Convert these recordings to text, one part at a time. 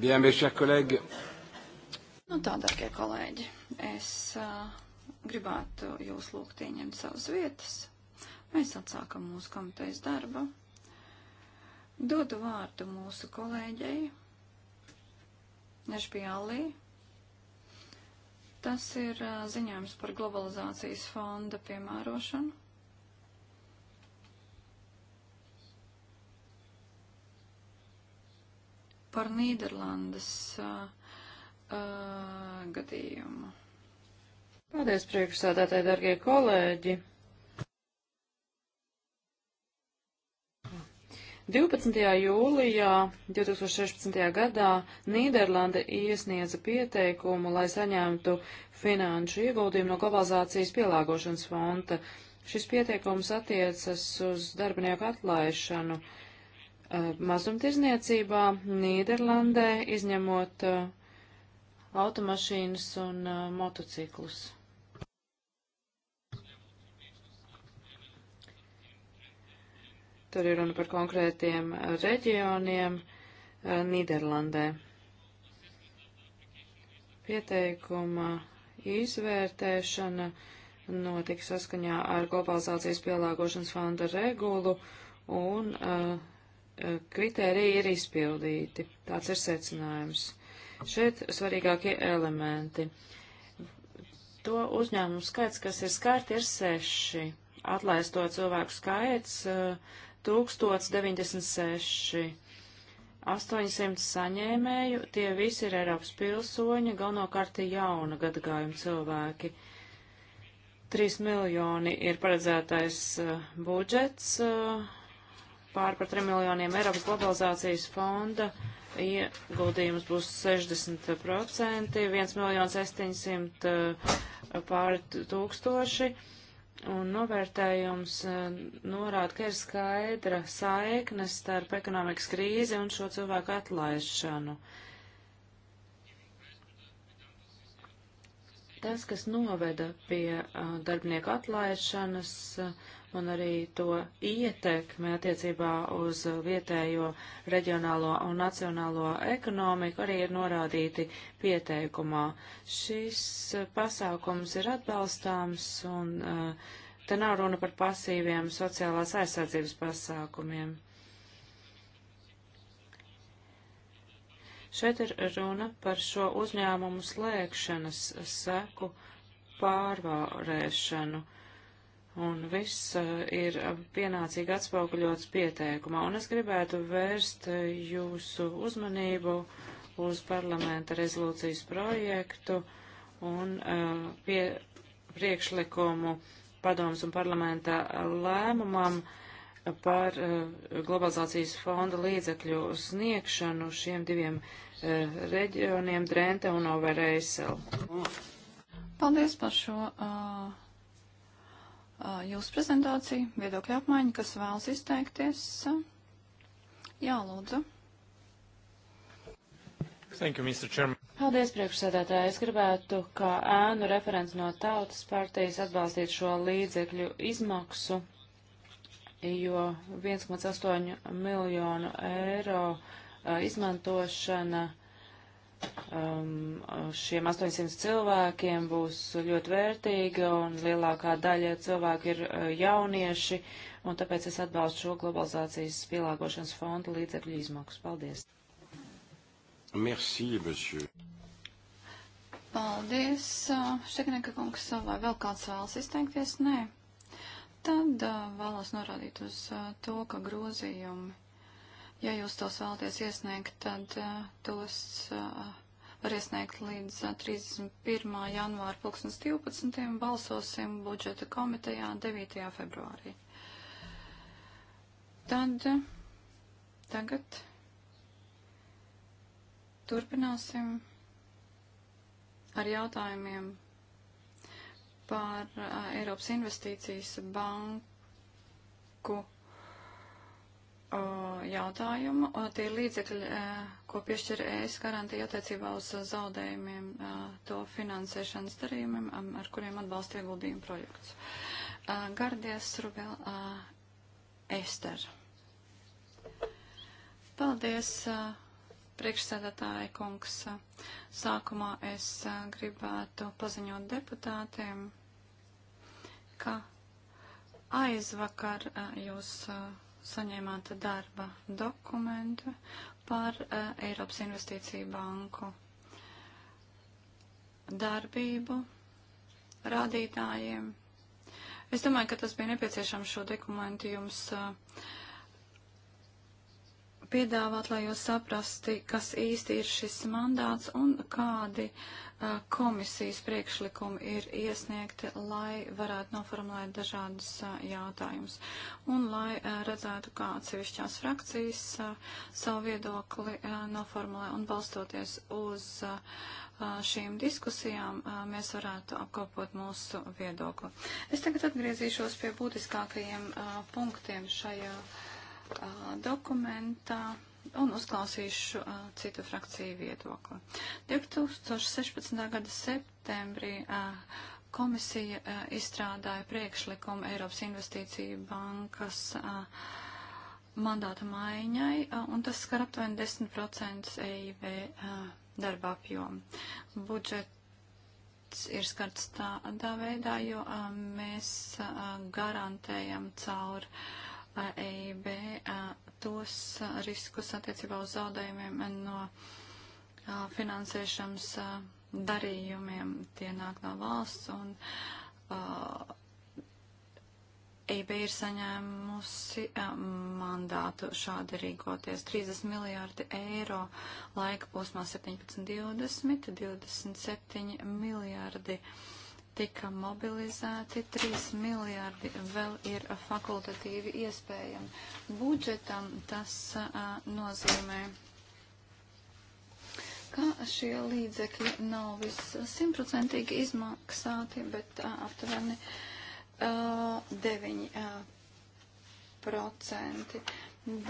Bien, mes chers collègues. Nu tā, darbie kolēģi, es uh, gribētu jūs lūgt ieņemt savas vietas. Mēs atsākam mūsu komitejas darbu. Dodu vārdu mūsu kolēģei, Nešpijālī. Tas ir uh, ziņojums par globalizācijas fonda piemērošanu. par Nīderlandes uh, uh, gadījumu. Paldies, priekšsādātāji, dargie kolēģi! 12. jūlijā 2016. gadā Nīderlanda iesniedza pieteikumu, lai saņemtu finanšu ieguldījumu no globalizācijas pielāgošanas fonda. Šis pieteikums attiecas uz darbinieku atlaišanu. Uh, Eh, mazumtirzniecībā Nīderlandē, izņemot eh, automašīnas un eh, motociklus. Tur ir runa par konkrētiem reģioniem Nīderlandē. Pieteikuma izvērtēšana notika saskaņā ar globalizācijas pielāgošanas fonda regulu un uh, kritēriji ir izpildīti. Tāds ir secinājums. Šeit svarīgākie elementi. To uzņēmumu skaits, kas ir skārti, ir seši. Atlaisto cilvēku skaits 1096. Eh, 800 saņēmēju, tie visi ir Eiropas pilsoņi, galvenokārt jauna gadagājuma cilvēki. 3 miljoni ir paredzētais eh, budžets, eh, pār par 3 miljoniem Eiropas globalizācijas fonda ieguldījums būs 60%, 1 miljonus 700 pār tūkstoši. Un novērtējums eh, norāda, ka ir skaidra saikne starp ekonomikas krīzi un šo cilvēku atlaišanu. Tas, kas noveda pie eh, darbinieku atlaišanas, uh, un arī to ietekmi attiecībā uz vietējo reģionālo un nacionālo ekonomiku arī ir norādīti pieteikumā. Šis eh, pasākums ir atbalstāms un eh, te nav runa par pasīviem sociālās aizsardzības pasākumiem. Šeit ir runa par šo uzņēmumu slēgšanas seku pārvarēšanu. Uh, Un viss eh, ir pienācīgi atspoguļots pieteikumā. Un es gribētu vērst eh, jūsu uzmanību uz parlamenta rezolūcijas projektu un eh, pie priekšlikumu padomus un parlamenta lēmumam par globalizācijas fonda līdzekļu sniegšanu šiem diviem reģioniem Drente un Overeisel. Paldies par šo. Uh jūsu prezentāciju, viedokļu apmaiņu, kas vēlas izteikties. Jā, lūdzu. Thank you, Mr. Chairman. Paldies, priekšsēdētāji. Es gribētu, kā ēnu referents no tautas partijas, atbalstīt šo līdzekļu izmaksu, jo 1,8 miljonu eiro izmantošana um, šiem 800 cilvēkiem būs ļoti vērtīga un lielākā daļa cilvēku ir uh, jaunieši, un tāpēc es atbalstu šo globalizācijas pielāgošanas fonda līdzekļu izmaksas. Paldies! Merci, monsieur. Paldies, uh, Štekneka kungs, vai vēl kāds vēlas izteikties? Nē. Tad uh, vēlos norādīt uz uh, to, ka grozījumi Ja jūs tos vēlaties iesniegt, tad eh, tos eh, var iesniegt līdz 31. Eh, janvāra 2012. balsosim budžeta komitejā 9. februārī. Tad tagad turpināsim ar jautājumiem par Eiropas investīcijas banku jautājumu. Tie līdzekļi, e, ko piešķir ES garantija attiecībā uz zaudējumiem, e, to finansēšanas darījumiem, ar kuriem atbalsta ieguldījumu projekts. E, Gardies Rubel Ester. Paldies, priekšsēdētāja kungs. Sākumā es gribētu paziņot deputātiem, ka aizvakar jūs. Uh, saņēmāt darba dokumentu par uh, Eiropas Investīciju banku darbību rādītājiem. Es domāju, ka tas bija nepieciešams šo dokumentu jums uh, piedāvāt, lai jūs saprasti, kas īsti ir šis mandāts un kādi uh, komisijas priekšlikumi ir iesniegti, lai varētu noformulēt dažādus uh, jautājumus un lai uh, redzētu, kā atsevišķās frakcijas savu viedokli noformulē un balstoties uz šīm diskusijām mēs varētu apkopot mūsu viedokli. Es tagad atgriezīšos pie būtiskākajiem punktiem šajā dokumentā un uzklausīšu uh, citu frakciju viedokli. 2016. gada septembrī uh, komisija uh, izstrādāja priekšlikumu Eiropas investīciju bankas uh, mandāta maiņai, uh, un tas skar aptuveni 10% EIB uh, darba apjomu. Budžet ir skarts tādā veidā, jo a, mēs a, garantējam caur uh, EIB tos riskus attiecībā uz zaudējumiem no finansēšanas darījumiem. Tie nāk no valsts un EIB ir saņēmusi mandātu šādi rīkoties. 30 miljārdi eiro laika posmā 17-20, 27 miljārdi eiro tika mobilizēti, 3 miljārdi vēl ir fakultatīvi iespējami. Budžetam tas uh, nozīmē, ka šie līdzekļi nav viss simtprocentīgi izmaksāti, bet uh, aptuveni uh, 9 procenti.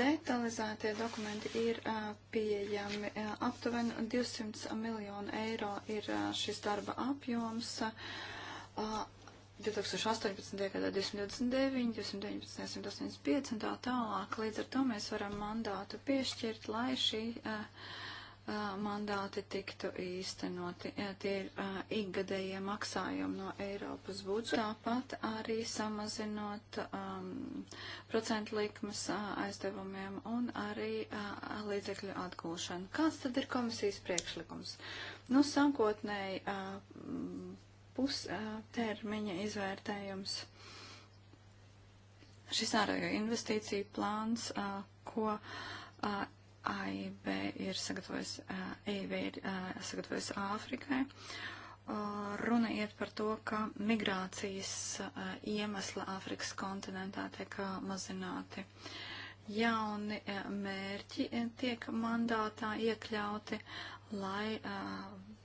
Detalizētie dokumenti ir uh, pieejami. Uh, aptuveni 200 miljonu eiro ir uh, šis darba apjoms. Uh, 2018. gadā 229, 219, 185 un tā tālāk. Līdz ar to mēs varam mandātu piešķirt, lai šī uh, mandāti tiktu īstenoti. Tie ir uh, ikgadējie maksājumi no Eiropas budžeta. Tāpat arī samazinot um, procentu likmes uh, aizdevumiem un arī uh, līdzekļu atgūšanu. Kāds tad ir komisijas priekšlikums? Nu, sākotnēji pustermiņa izvērtējums. Šis ārējo investīciju plāns, ko AIB ir sagatavojis, EIB ir sagatavojis Āfrikai. Runa iet par to, ka migrācijas iemesli Āfrikas kontinentā tiek mazināti. Jauni mērķi e, tiek mandātā iekļauti, lai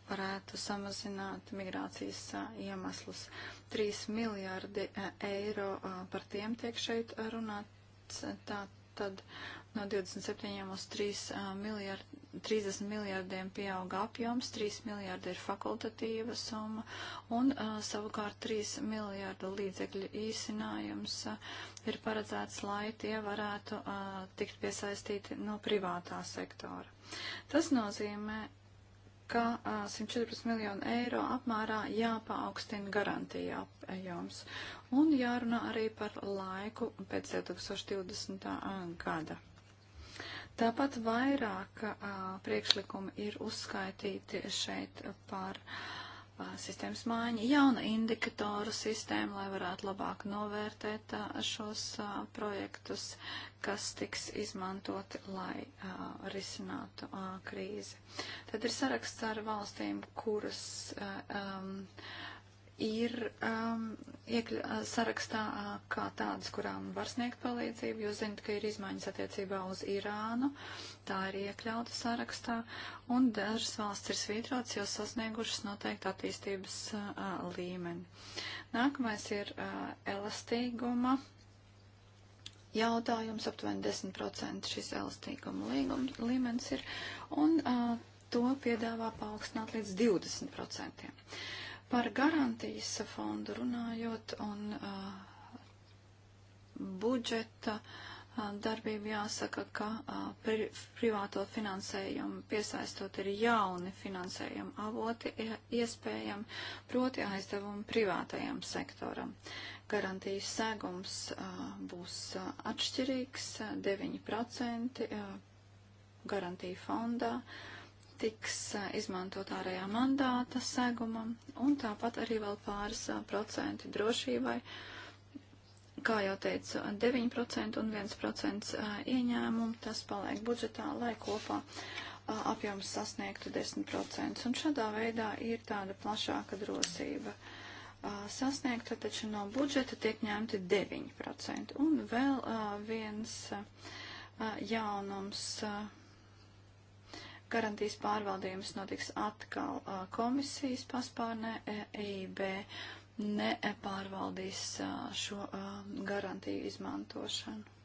varētu samazināt migrācijas iemeslus. 3 miljārdi eiro par tiem tiek šeit runāts. Tā tad no 27 uz 3 miljārdi. 30 miljārdiem pieauga apjoms, 3 miljārdi ir fakultatīva summa un uh, savukārt 3 miljārdu līdzekļu īsinājums uh, ir paredzēts, lai tie varētu uh, tikt piesaistīti no privātā sektora. Tas nozīmē, ka 114 miljonu eiro apmērā jāpaaugstina garantija apjoms un jārunā arī par laiku pēc 2020. gada. Tāpat vairāk a, priekšlikumi ir uzskaitīti šeit par a, sistēmas mājiņa, jauna indikatoru sistēma, lai varētu labāk novērtēt šos a, projektus, kas tiks izmantoti, lai a, risinātu a, krīzi. Tad ir saraksts ar valstīm, kuras um, ir um, iekļa, uh, sarakstā uh, kā tādas, kurām var sniegt palīdzību. Jūs zinat, ka ir izmaiņas attiecībā uz Irānu, tā ir iekļauta sarakstā, un dažas valsts ir svītrotas, jo sasniegušas noteikti attīstības uh, līmeni. Nākamais ir uh, elastīguma jautājums, aptuveni 10% šis elastīguma līgums, līmenis ir, un uh, to piedāvā paaugstināt līdz 20%. Par garantijas fondu runājot un uh, budžeta uh, darbību jāsaka, ka uh, pri, privāto finansējumu piesaistot ir jauni finansējuma avoti iespējami, proti aizdevumi privātajam sektoram. Garantijas segums uh, būs uh, atšķirīgs, 9% uh, garantija fondā. Uh, tiks izmantot ārējā mandāta segumam un tāpat arī vēl pāris procenti drošībai. Kā jau teicu, 9% un 1% ieņēmumu tas paliek budžetā, lai kopā apjoms sasniegtu 10%. Un šādā veidā ir tāda plašāka drosība sasniegta, taču no budžeta tiek ņemti 9%. Un vēl viens jaunums. Uh, Garantijas pārvaldījums notiks atkal komisijas paspārnē EIB nepārvaldīs šo garantiju izmantošanu.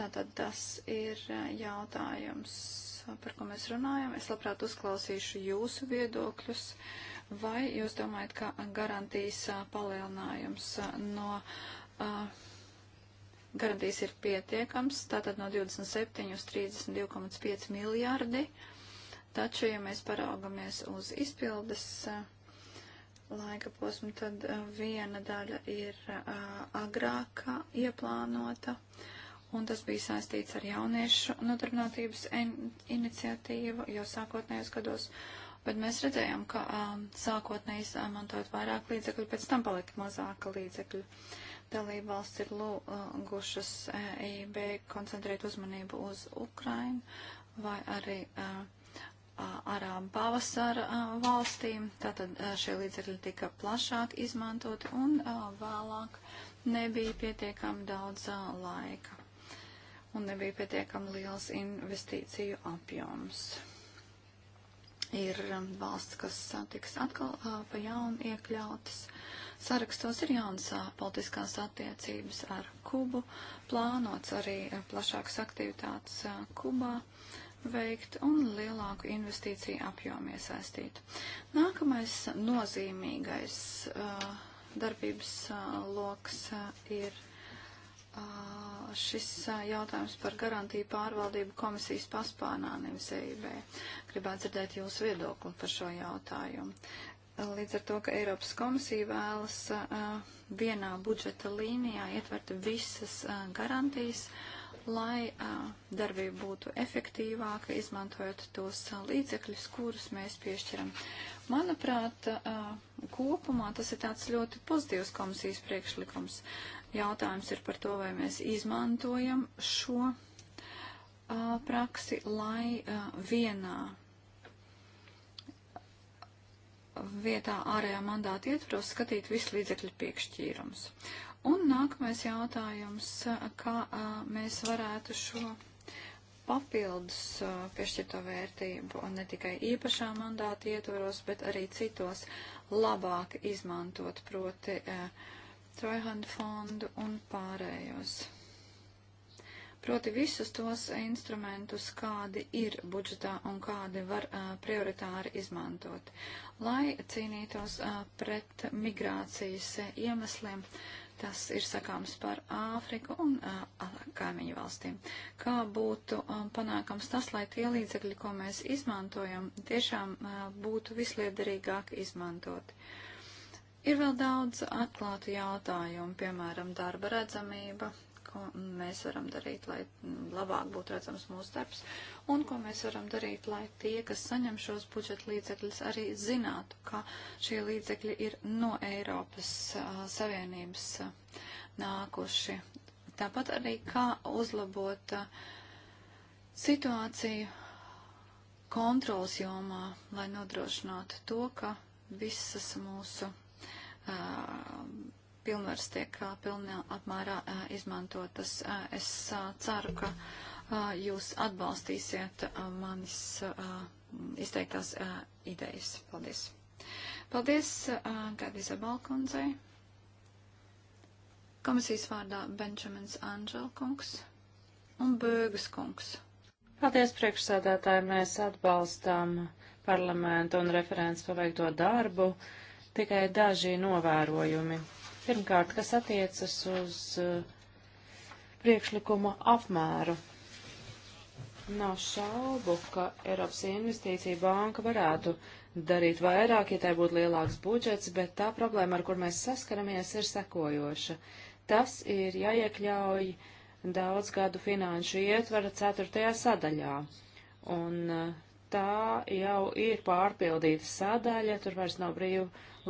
Tātad tas ir jautājums, par ko mēs runājam. Es labprāt uzklausīšu jūsu viedokļus. Vai jūs domājat, ka garantijas palielinājums no uh, garantijas ir pietiekams, tātad no 27 uz 32,5 miljārdi. Taču, ja mēs paraugamies uz izpildes eh, laika posmu, tad eh, viena daļa ir eh, agrāk ieplānota, un tas bija saistīts ar jauniešu nodarbinātības iniciatīvu jau sākotnējos gados. Bet mēs redzējām, ka sākotnēji izmantojot vairāk līdzekļu, pēc tam palika mazāka līdzekļu. Uh, Dalībvalsts ir lūgušas EIB eh, e koncentrēt uzmanību uz Ukrainu vai arī eh, Arābu pavasara eh, valstīm. Tātad šie līdzekļi tika plašāk izmantoti un vēlāk nebija pietiekami daudz laika un nebija pietiekami liels investīciju apjoms. Ir valsts, kas tiks atkal pa jaunu iekļautas Sarakstos ir jauns politiskās attiecības ar Kubu, plānots arī plašākas aktivitātes Kubā veikt un lielāku investīciju apjomu iesaistīt. Nākamais nozīmīgais uh, darbības uh, loks uh, ir šis jautājums par garantiju pārvaldību komisijas paspārnā, nevis EIB. Gribētu dzirdēt jūsu viedokli par šo jautājumu līdz ar to, ka Eiropas komisija vēlas vienā budžeta līnijā ietvert visas garantijas, lai darbība būtu efektīvāka, izmantojot tos līdzekļus, kurus mēs piešķiram. Manuprāt, kopumā tas ir tāds ļoti pozitīvs komisijas priekšlikums. Jautājums ir par to, vai mēs izmantojam šo praksi, lai vienā vietā ārējā mandāta ietvaros skatīt visu līdzekļu piekšķīrums. Un nākamais jautājums, kā mēs varētu šo papildus piešķirto vērtību, un ne tikai īpašā mandāta ietvaros, bet arī citos labāk izmantot proti Trojhand fondu un pārējos proti visus tos instrumentus, kādi ir budžetā un kādi var uh, prioritāri izmantot, lai cīnītos uh, pret migrācijas iemesliem. Tas ir sakāms par Āfriku un uh, kaimiņu valstīm. Kā būtu um, panākams tas, lai tie līdzekļi, ko mēs izmantojam, tiešām uh, būtu visliederīgāk izmantoti? Ir vēl daudz atklātu jautājumu, piemēram, darba redzamība, ko mēs varam darīt, lai labāk būtu redzams mūsu darbs, un ko mēs varam darīt, lai tie, kas saņem šos budžeta līdzekļus, arī zinātu, ka šie līdzekļi ir no Eiropas uh, Savienības uh, nākuši. Tāpat arī kā uzlabot uh, situāciju kontrols jomā, lai nodrošinātu to, ka visas mūsu uh, pilnvars tiek pilnā apmērā izmantotas. Es ceru, ka jūs atbalstīsiet manis izteiktās idejas. Paldies! Paldies Gadīza Balkonzai. Komisijas vārdā Benjamins Anželkungs un Bēgas kungs. Paldies priekšsēdētāji, mēs atbalstām parlamentu un referents paveikto darbu, tikai daži novērojumi. Pirmkārt, kas attiecas uz uh, priekšlikuma apmēru. Nav šaubu, ka Eiropas investīcija banka varētu darīt vairāk, ja tai būtu lielāks budžets, bet tā problēma, ar kur mēs saskaramies, ir sekojoša. Tas ir jāiekļauj daudz gadu finanšu ietvara ceturtajā sadaļā. Un uh, tā jau ir pārpildīta sadaļa, tur vairs nav brīvu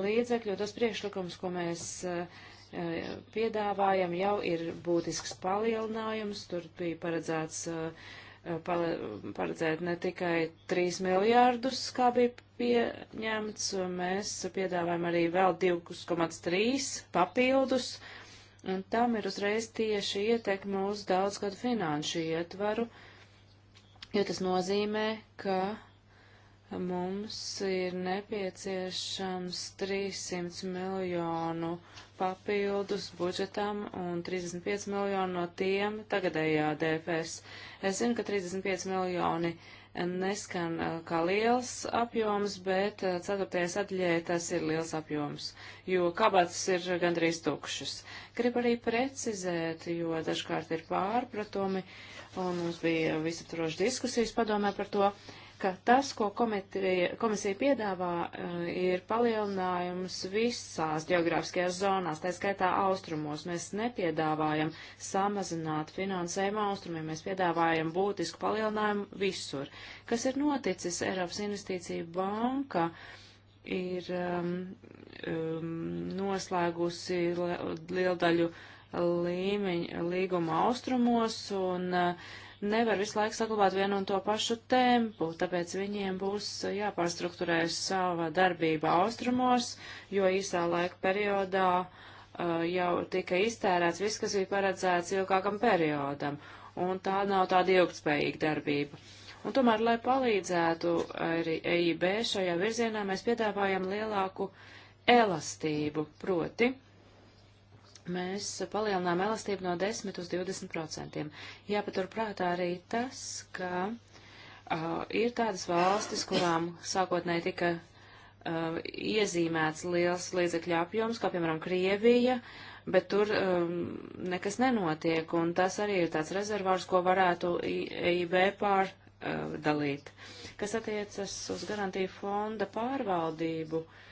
līdzekļu. Tas priekšlikums, ko mēs eh, piedāvājam, jau ir būtisks palielinājums. Tur bija paredzēts eh, paredzēt ne tikai 3 miljārdus, kā bija pieņemts, mēs piedāvājam arī vēl 2,3 papildus, un tam ir uzreiz tieši ietekme uz daudzgadu finanšu ietvaru. Uh, jo tas nozīmē, ka mums ir nepieciešams 300 miljonu papildus budžetam un 35 miljonu no tiem tagadējā DFS. Es zinu, ka 35 miljoni uh, neskan eh, kā liels apjoms, bet eh, ceturtajā sadaļā tas ir liels apjoms, jo kabatas ir gandrīz tukšas. Gribu arī precizēt, jo dažkārt ir pārpratumi, un mums bija visaptroši diskusijas padomē par to. Uh, ka tas, ko komitrie, komisija piedāvā, eh, ir palielinājums visās geogrāfiskajās zonās, tā skaitā austrumos. Mēs nepiedāvājam samazināt finansējumu austrumiem, mēs piedāvājam būtisku palielinājumu visur. Kas ir noticis Eiropas investīcija banka? ir um, um, noslēgusi lieldaļu līmeņu līguma austrumos un uh, nevar visu laiku saglabāt vienu un to pašu tempu, tāpēc viņiem būs jāpārstruktūrē sava darbība austrumos, jo īsā laika periodā uh, jau tika iztērēts viss, kas bija paredzēts ilgākam periodam, un tā nav tāda ilgtspējīga darbība. Un tomēr, lai palīdzētu arī EIB šajā virzienā, mēs piedāvājam lielāku elastību, proti mēs palielinām elastību no 10 uz 20 procentiem. Jāpaturprātā arī tas, ka uh, ir tādas valstis, kurām sākotnēji tika uh, iezīmēts liels līdzekļu apjoms, kā piemēram Krievija, bet tur um, nekas nenotiek, un tas arī ir tāds rezervārs, ko varētu EIB pārdalīt. Uh, kas attiecas uz garantiju fonda pārvaldību, uh,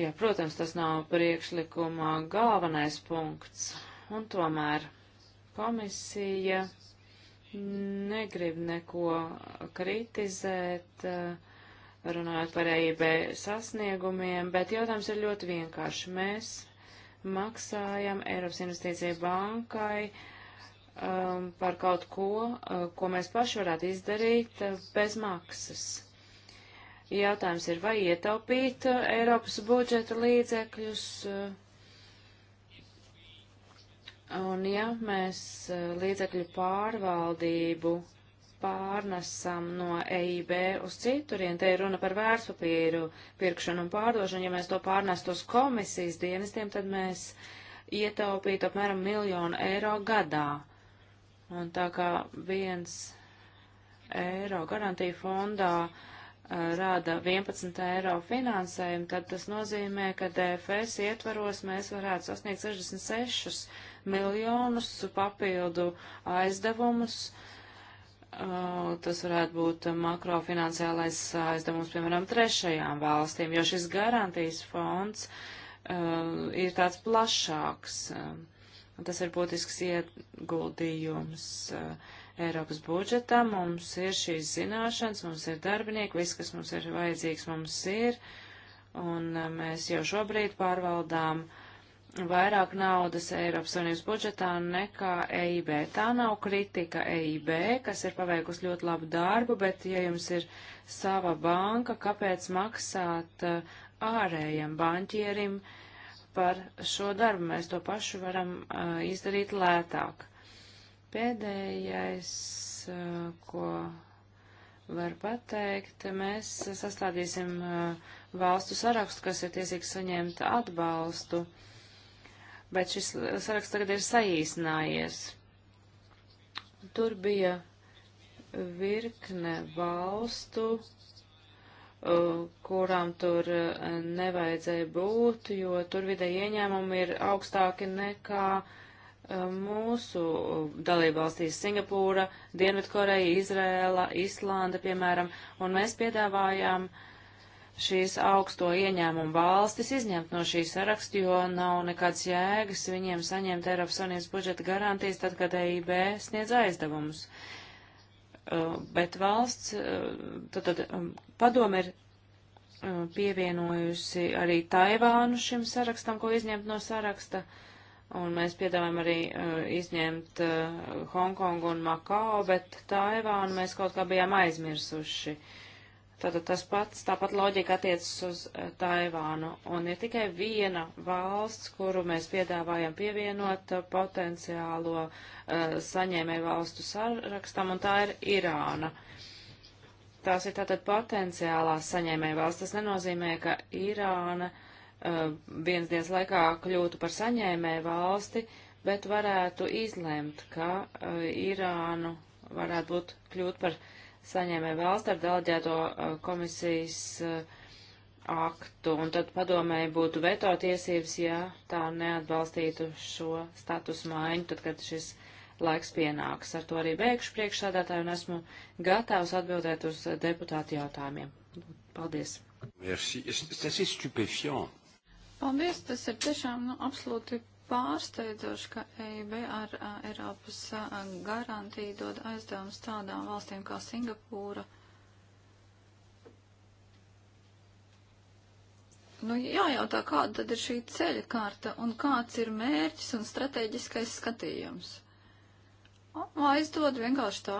Jā, protams, tas nav priekšlikumā galvenais punkts, un tomēr komisija negrib neko kritizēt, runājot par EIB sasniegumiem, bet jautājums ir ļoti vienkārši. Mēs maksājam Eiropas investīcija bankai um, par kaut ko, uh, ko mēs paši varētu izdarīt uh, bez maksas. Jautājums ir, vai ietaupīt uh, Eiropas budžeta līdzekļus. Uh, un ja mēs uh, līdzekļu pārvaldību pārnesam no EIB uz citurien, te ir runa par vērtspapīru pirkšanu un pārdošanu, ja mēs to pārnestu uz komisijas dienestiem, tad mēs ietaupītu apmēram miljonu eiro gadā. Un tā kā viens eiro garantija fondā uh, rada 11 eiro finansējumu, tad tas nozīmē, ka DFS ietvaros mēs varētu sasniegt 66 miljonus papildu aizdevumus. Tas varētu būt makrofinanciālais aizdevums, piemēram, trešajām valstīm, jo šis garantijas fonds ir tāds plašāks. Tas ir būtisks ieguldījums. Uh, Eiropas budžetā, mums ir šīs zināšanas, mums ir darbinieki, viss, kas mums ir vajadzīgs, mums ir, un uh, mēs jau šobrīd pārvaldām vairāk naudas Eiropas Savienības budžetā nekā EIB. Tā nav kritika EIB, kas ir paveikusi ļoti labu darbu, bet ja jums ir sava banka, kāpēc maksāt uh, ārējiem banķierim par šo darbu? Mēs to pašu varam uh, izdarīt lētāk. Pēdējais, ko var pateikt, mēs sastādīsim valstu sarakstu, kas ir tiesīgs saņemt atbalstu, bet šis saraksts tagad ir saīsinājies. Tur bija virkne valstu, kurām tur nevajadzēja būt, jo tur vidēji ieņēmumi ir augstāki nekā uh, mūsu dalībvalstīs Singapūra, Dienvidkoreja, Izrēla, Islanda, piemēram, un mēs piedāvājām šīs augsto ieņēmumu valstis izņemt no šī saraksta, jo nav nekāds jēgas viņiem saņemt Eiropas Savienības budžeta garantijas, tad, kad EIB sniedz aizdevumus. Bet valsts, tad, tad padome ir pievienojusi arī Taivānu šim sarakstam, ko izņemt no saraksta. Uh, un mēs piedāvājam arī uh, izņemt uh, Hongkongu un Makao, bet Taivānu mēs kaut kā bijām aizmirsuši. Tātad tas pats, tāpat loģika attiecas uz uh, Taivānu, un ir tikai viena valsts, kuru mēs piedāvājam pievienot uh, potenciālo uh, saņēmēju valstu sarakstam, un tā ir Irāna. Tās ir tātad potenciālās saņēmēju valsts. Tas nenozīmē, ka Irāna uh, Eh, vienas dienas laikā kļūtu par saņēmēju valsti, bet varētu izlemt, ka eh, Irānu varētu būt kļūt par saņēmēju valsti ar delģēto eh, komisijas aktu, un tad padomēji būtu veto tiesības, ja tā neatbalstītu šo status maiņu, tad, kad šis laiks pienāks. Ar to arī beigšu priekšsādātāju un esmu gatavs atbildēt uz deputātu jautājumiem. Paldies! Merci. C'est assez stupéfiant. Paldies, tas ir tiešām nu, absolūti pārsteidzoši, ka EIB ar a, Eiropas a, garantiju dod aizdevumus tādām valstīm kā Singapūra. Nu, jājautā, kāda tad ir šī ceļa kārta un kāds ir mērķis un strateģiskais skatījums. Aizdod vienkārši tā.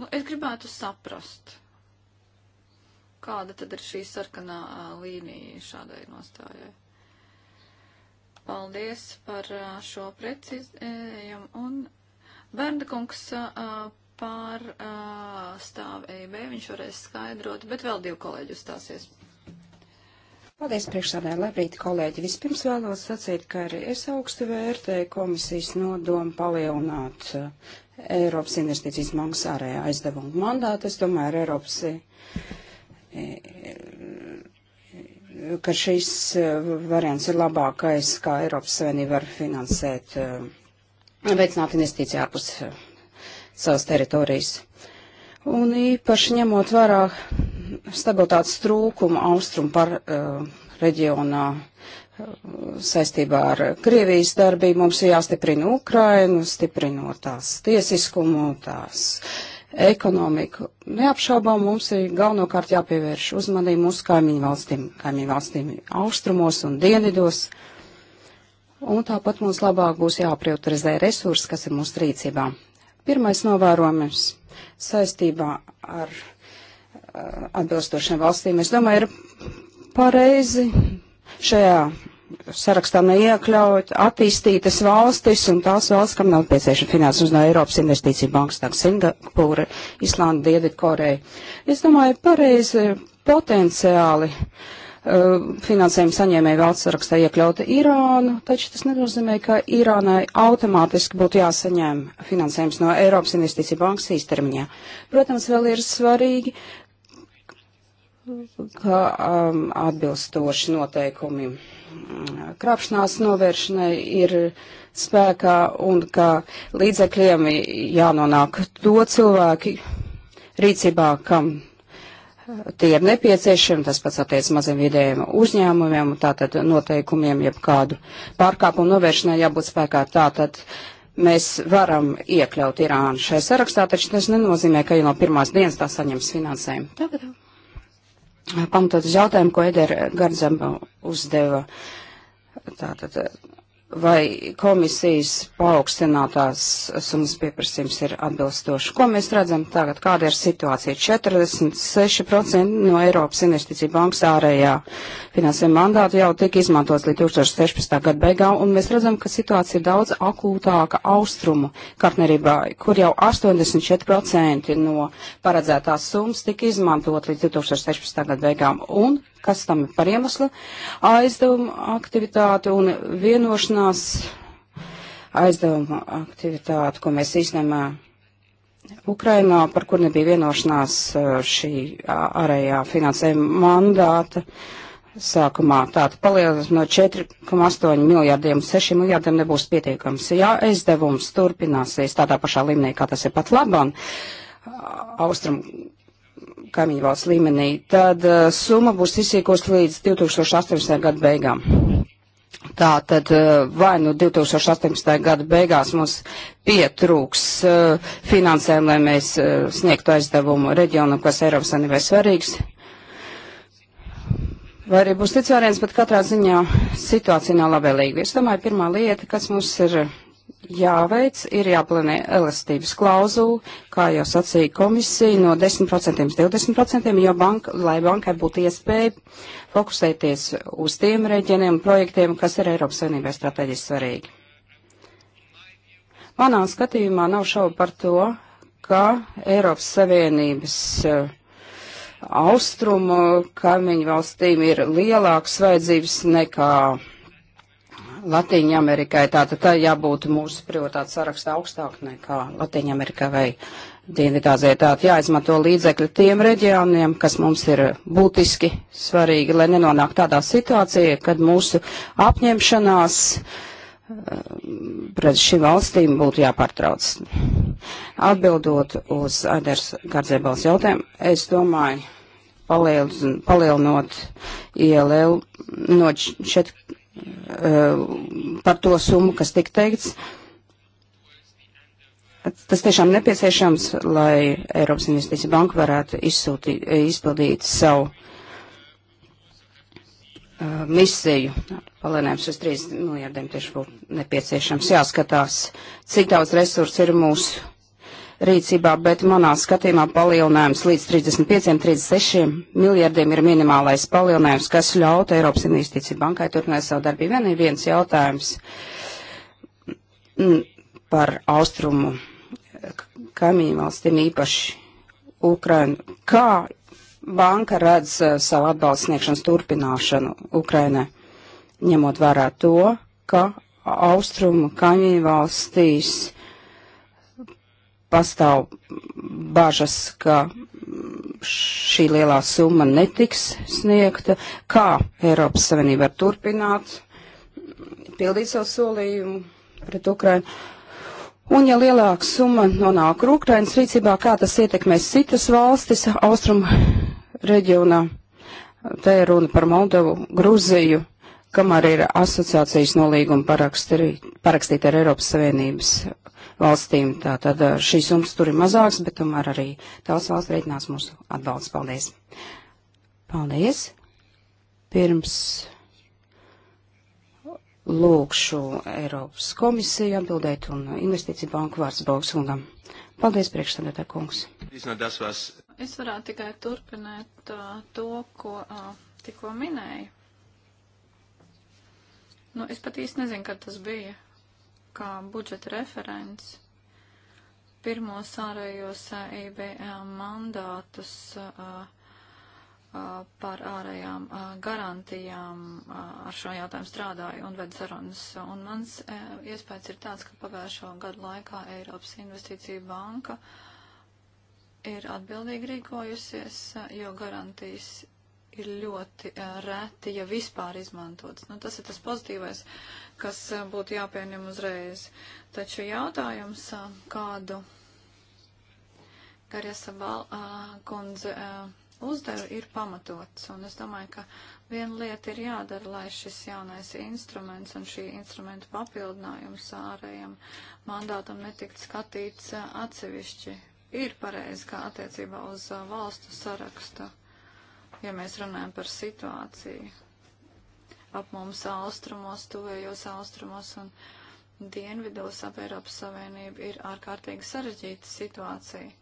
Nu, es gribētu saprast. Kāda tad ir šī sarkanā līnija šādai nostājai? Paldies par šo precizējumu. Un Berndekungs pārstāv EIB, viņš varēs skaidrot, bet vēl divi kolēģi uzstāsies. Paldies priekšsādē, labrīt, kolēģi. Vispirms vēlos sacīt, ka arī es augstu vērtēju komisijas nodomu palielināt Eiropas investīcijas bankas ārējā aizdevumu mandātu. Es domāju, ar Eiropas ka šis uh, variants ir labākais, kā Eiropas Savienība var finansēt, uh, veicināt investīciju ārpus uh, savas teritorijas. Un īpaši ņemot vērā stabilitātes trūkumu austrumu par uh, reģionā saistībā ar Krievijas darbību mums ir jāstiprina Ukrainu, stiprinot tās tiesiskumu, tās uh, ekonomiku. Neapšaubām mums ir galvenokārt jāpievērš uzmanību mūsu kaimiņu valstīm, kaimiņu valstīm austrumos un dienvidos. Un tāpat mums labāk būs jāprioritizē resursi, kas ir mūsu rīcībā. Pirmais novērojums saistībā ar uh, atbilstošiem valstīm, es domāju, ir pareizi šajā sarakstā neiekļaut attīstītas valstis un tās valsts, kam nav nepieciešama finanses no Eiropas investīcija bankas, tā Singapūra, Islanda, Dienvidkoreja. Es domāju, pareizi potenciāli uh, finansējuma saņēmēja valsts sarakstā iekļauta Irānu, taču tas nenozīmē, ka Irānai automātiski būtu jāsaņem finansējums no Eiropas investīcija bankas īstermiņā. Protams, vēl ir svarīgi, ka um, atbilstoši noteikumiem krāpšanās novēršanai ir spēkā un ka līdzekļiem jānonāk to cilvēki rīcībā, kam tie ir nepieciešami, tas pats attiec maziem vidējiem uzņēmumiem, tātad noteikumiem, jeb kādu pārkāpumu novēršanai jābūt spēkā. Tātad mēs varam iekļaut Irānu šai sarakstā, taču tas nenozīmē, ka jau no pirmās dienas tā saņems finansējumu. Tagad pamatot uz jautājumu, ko Edera Gardzama uzdeva. Tātad vai komisijas paaugstinātās summas pieprasījums ir atbilstoši. Ko mēs redzam tagad? Kāda ir situācija? 46% no Eiropas investīcija bankas ārējā finansējuma mandāta jau tika izmantots līdz 2016. gada beigām, un mēs redzam, ka situācija ir daudz akūtāka austrumu partnerībā, kur jau 84% no paredzētās summas tika izmantot līdz 2016. gada beigām, un kas tam par iemeslu, aizdevumu aktivitāti un vienošanās aizdevumu aktivitāti, ko mēs īstenībā Ukrainā, par kur nebija vienošanās eh, šī ārējā finansējuma mandāta sākumā. Tātad palielināt no 4,8 miljārdiem uz 6 miljārdiem nebūs pietiekams. Jā, aizdevums turpināsies tādā pašā līmenī, kā tas ir pat labam. Austrum kaimiņvalsts līmenī, tad uh, summa būs izsīkos līdz 2018. gada beigām. Tā tad uh, vai nu 2018. gada beigās mums pietrūks uh, finansēm, lai mēs uh, sniegtu aizdevumu reģionam, kas Eiropas Sanībai svarīgs, Vai arī būs cits variants, bet katrā ziņā situācija nav labvēlīga. Es domāju, pirmā lieta, kas mums ir jāveic, ir jāplanē elastības klauzula, kā jau sacīja komisija, no 10% līdz 20%, jo banka, lai bankai būtu iespēja fokusēties uz tiem reģioniem un projektiem, kas ir Eiropas Savienībai strateģiski svarīgi. Manā skatījumā nav šaubu par to, ka Eiropas Savienības eh, austrumu kaimiņu valstīm ir lielākas vajadzības nekā Latīņa Amerikai. Tātad tā jābūt mūsu prioritāte sarakstā augstāk nekā Latīņa Amerikai vai Dienvidāzijai. Tātad jāizmanto līdzekļi tiem reģioniem, kas mums ir būtiski svarīgi, lai nenonāk tādā situācijā, kad mūsu apņemšanās eh, pret šīm valstīm būtu jāpārtrauc. Atbildot uz Aders Gardzēbals jautājumu, es domāju, palielinot ILL no 4, Eh, par to summu, kas tik teikts. Tas tiešām nepieciešams, lai Eiropas Investīcija Banka varētu izsūtīt, izpildīt savu eh, misiju. Palēnējums uz 30 miljardiem tieši būtu nepieciešams. Jāskatās, cik daudz resursu ir mūsu rīcībā, bet manā skatījumā palielinājums līdz 35-36 miljardiem ir minimālais palielinājums, kas ļaut Eiropas Investīcija bankai turpināt savu darbību. Vien ir viens jautājums mm, par austrumu kaimiņu valstīm īpaši Ukrainu. Kā banka redz eh, savu atbalstu sniegšanas turpināšanu Ukrainai, ņemot vērā to, ka austrumu kaimiņu valstīs pastāv bažas, ka šī lielā summa netiks sniegta. Kā Eiropas Savienība var turpināt pildīt savu solījumu pret Ukrainu? Un ja lielāka summa nonāk Ukrainas rīcībā, kā tas ietekmēs citas valstis austrumu reģionā? Te ir runa par Moldovu, Gruziju, kamēr ir asociācijas nolīguma parakstīta ar Eiropas Savienības valstīm. Tātad šīs summas tur ir mazāks, bet tomēr arī tās valsts reiķinās mūsu atbalsts. Paldies! Paldies! Pirms lūkšu Eiropas komisiju atbildēt un investīciju banku vārds Baukslungam. Paldies, priekšstādātā kungs. Es varētu tikai turpināt uh, to, ko uh, tikko minēju. Nu, es pat īsti nezinu, kad tas bija kā budžeta referents pirmos ārējos EIB mandātus par ārējām garantijām ar šo jautājumu strādāju un ved sarunas. Un mans iespējas ir tāds, ka pagājušo gadu laikā Eiropas investīcija banka ir atbildīgi rīkojusies, jo garantijas ir ļoti reti, ja vispār izmantots. Nu, tas ir tas pozitīvais, kas būtu jāpieņem uzreiz. Taču jautājums, kādu Garjasa kundze uzdeva, ir pamatots. Un es domāju, ka viena lieta ir jādara, lai šis jaunais instruments un šī instrumenta papildinājums ārējam mandātam netikt skatīts atsevišķi. Ir pareizi, kā attiecībā uz valstu sarakstu ja mēs runājam par situāciju ap mums austrumos, tuvējos austrumos un dienvidos ap Eiropas Savienību, ir ārkārtīgi sarežģīta situācija.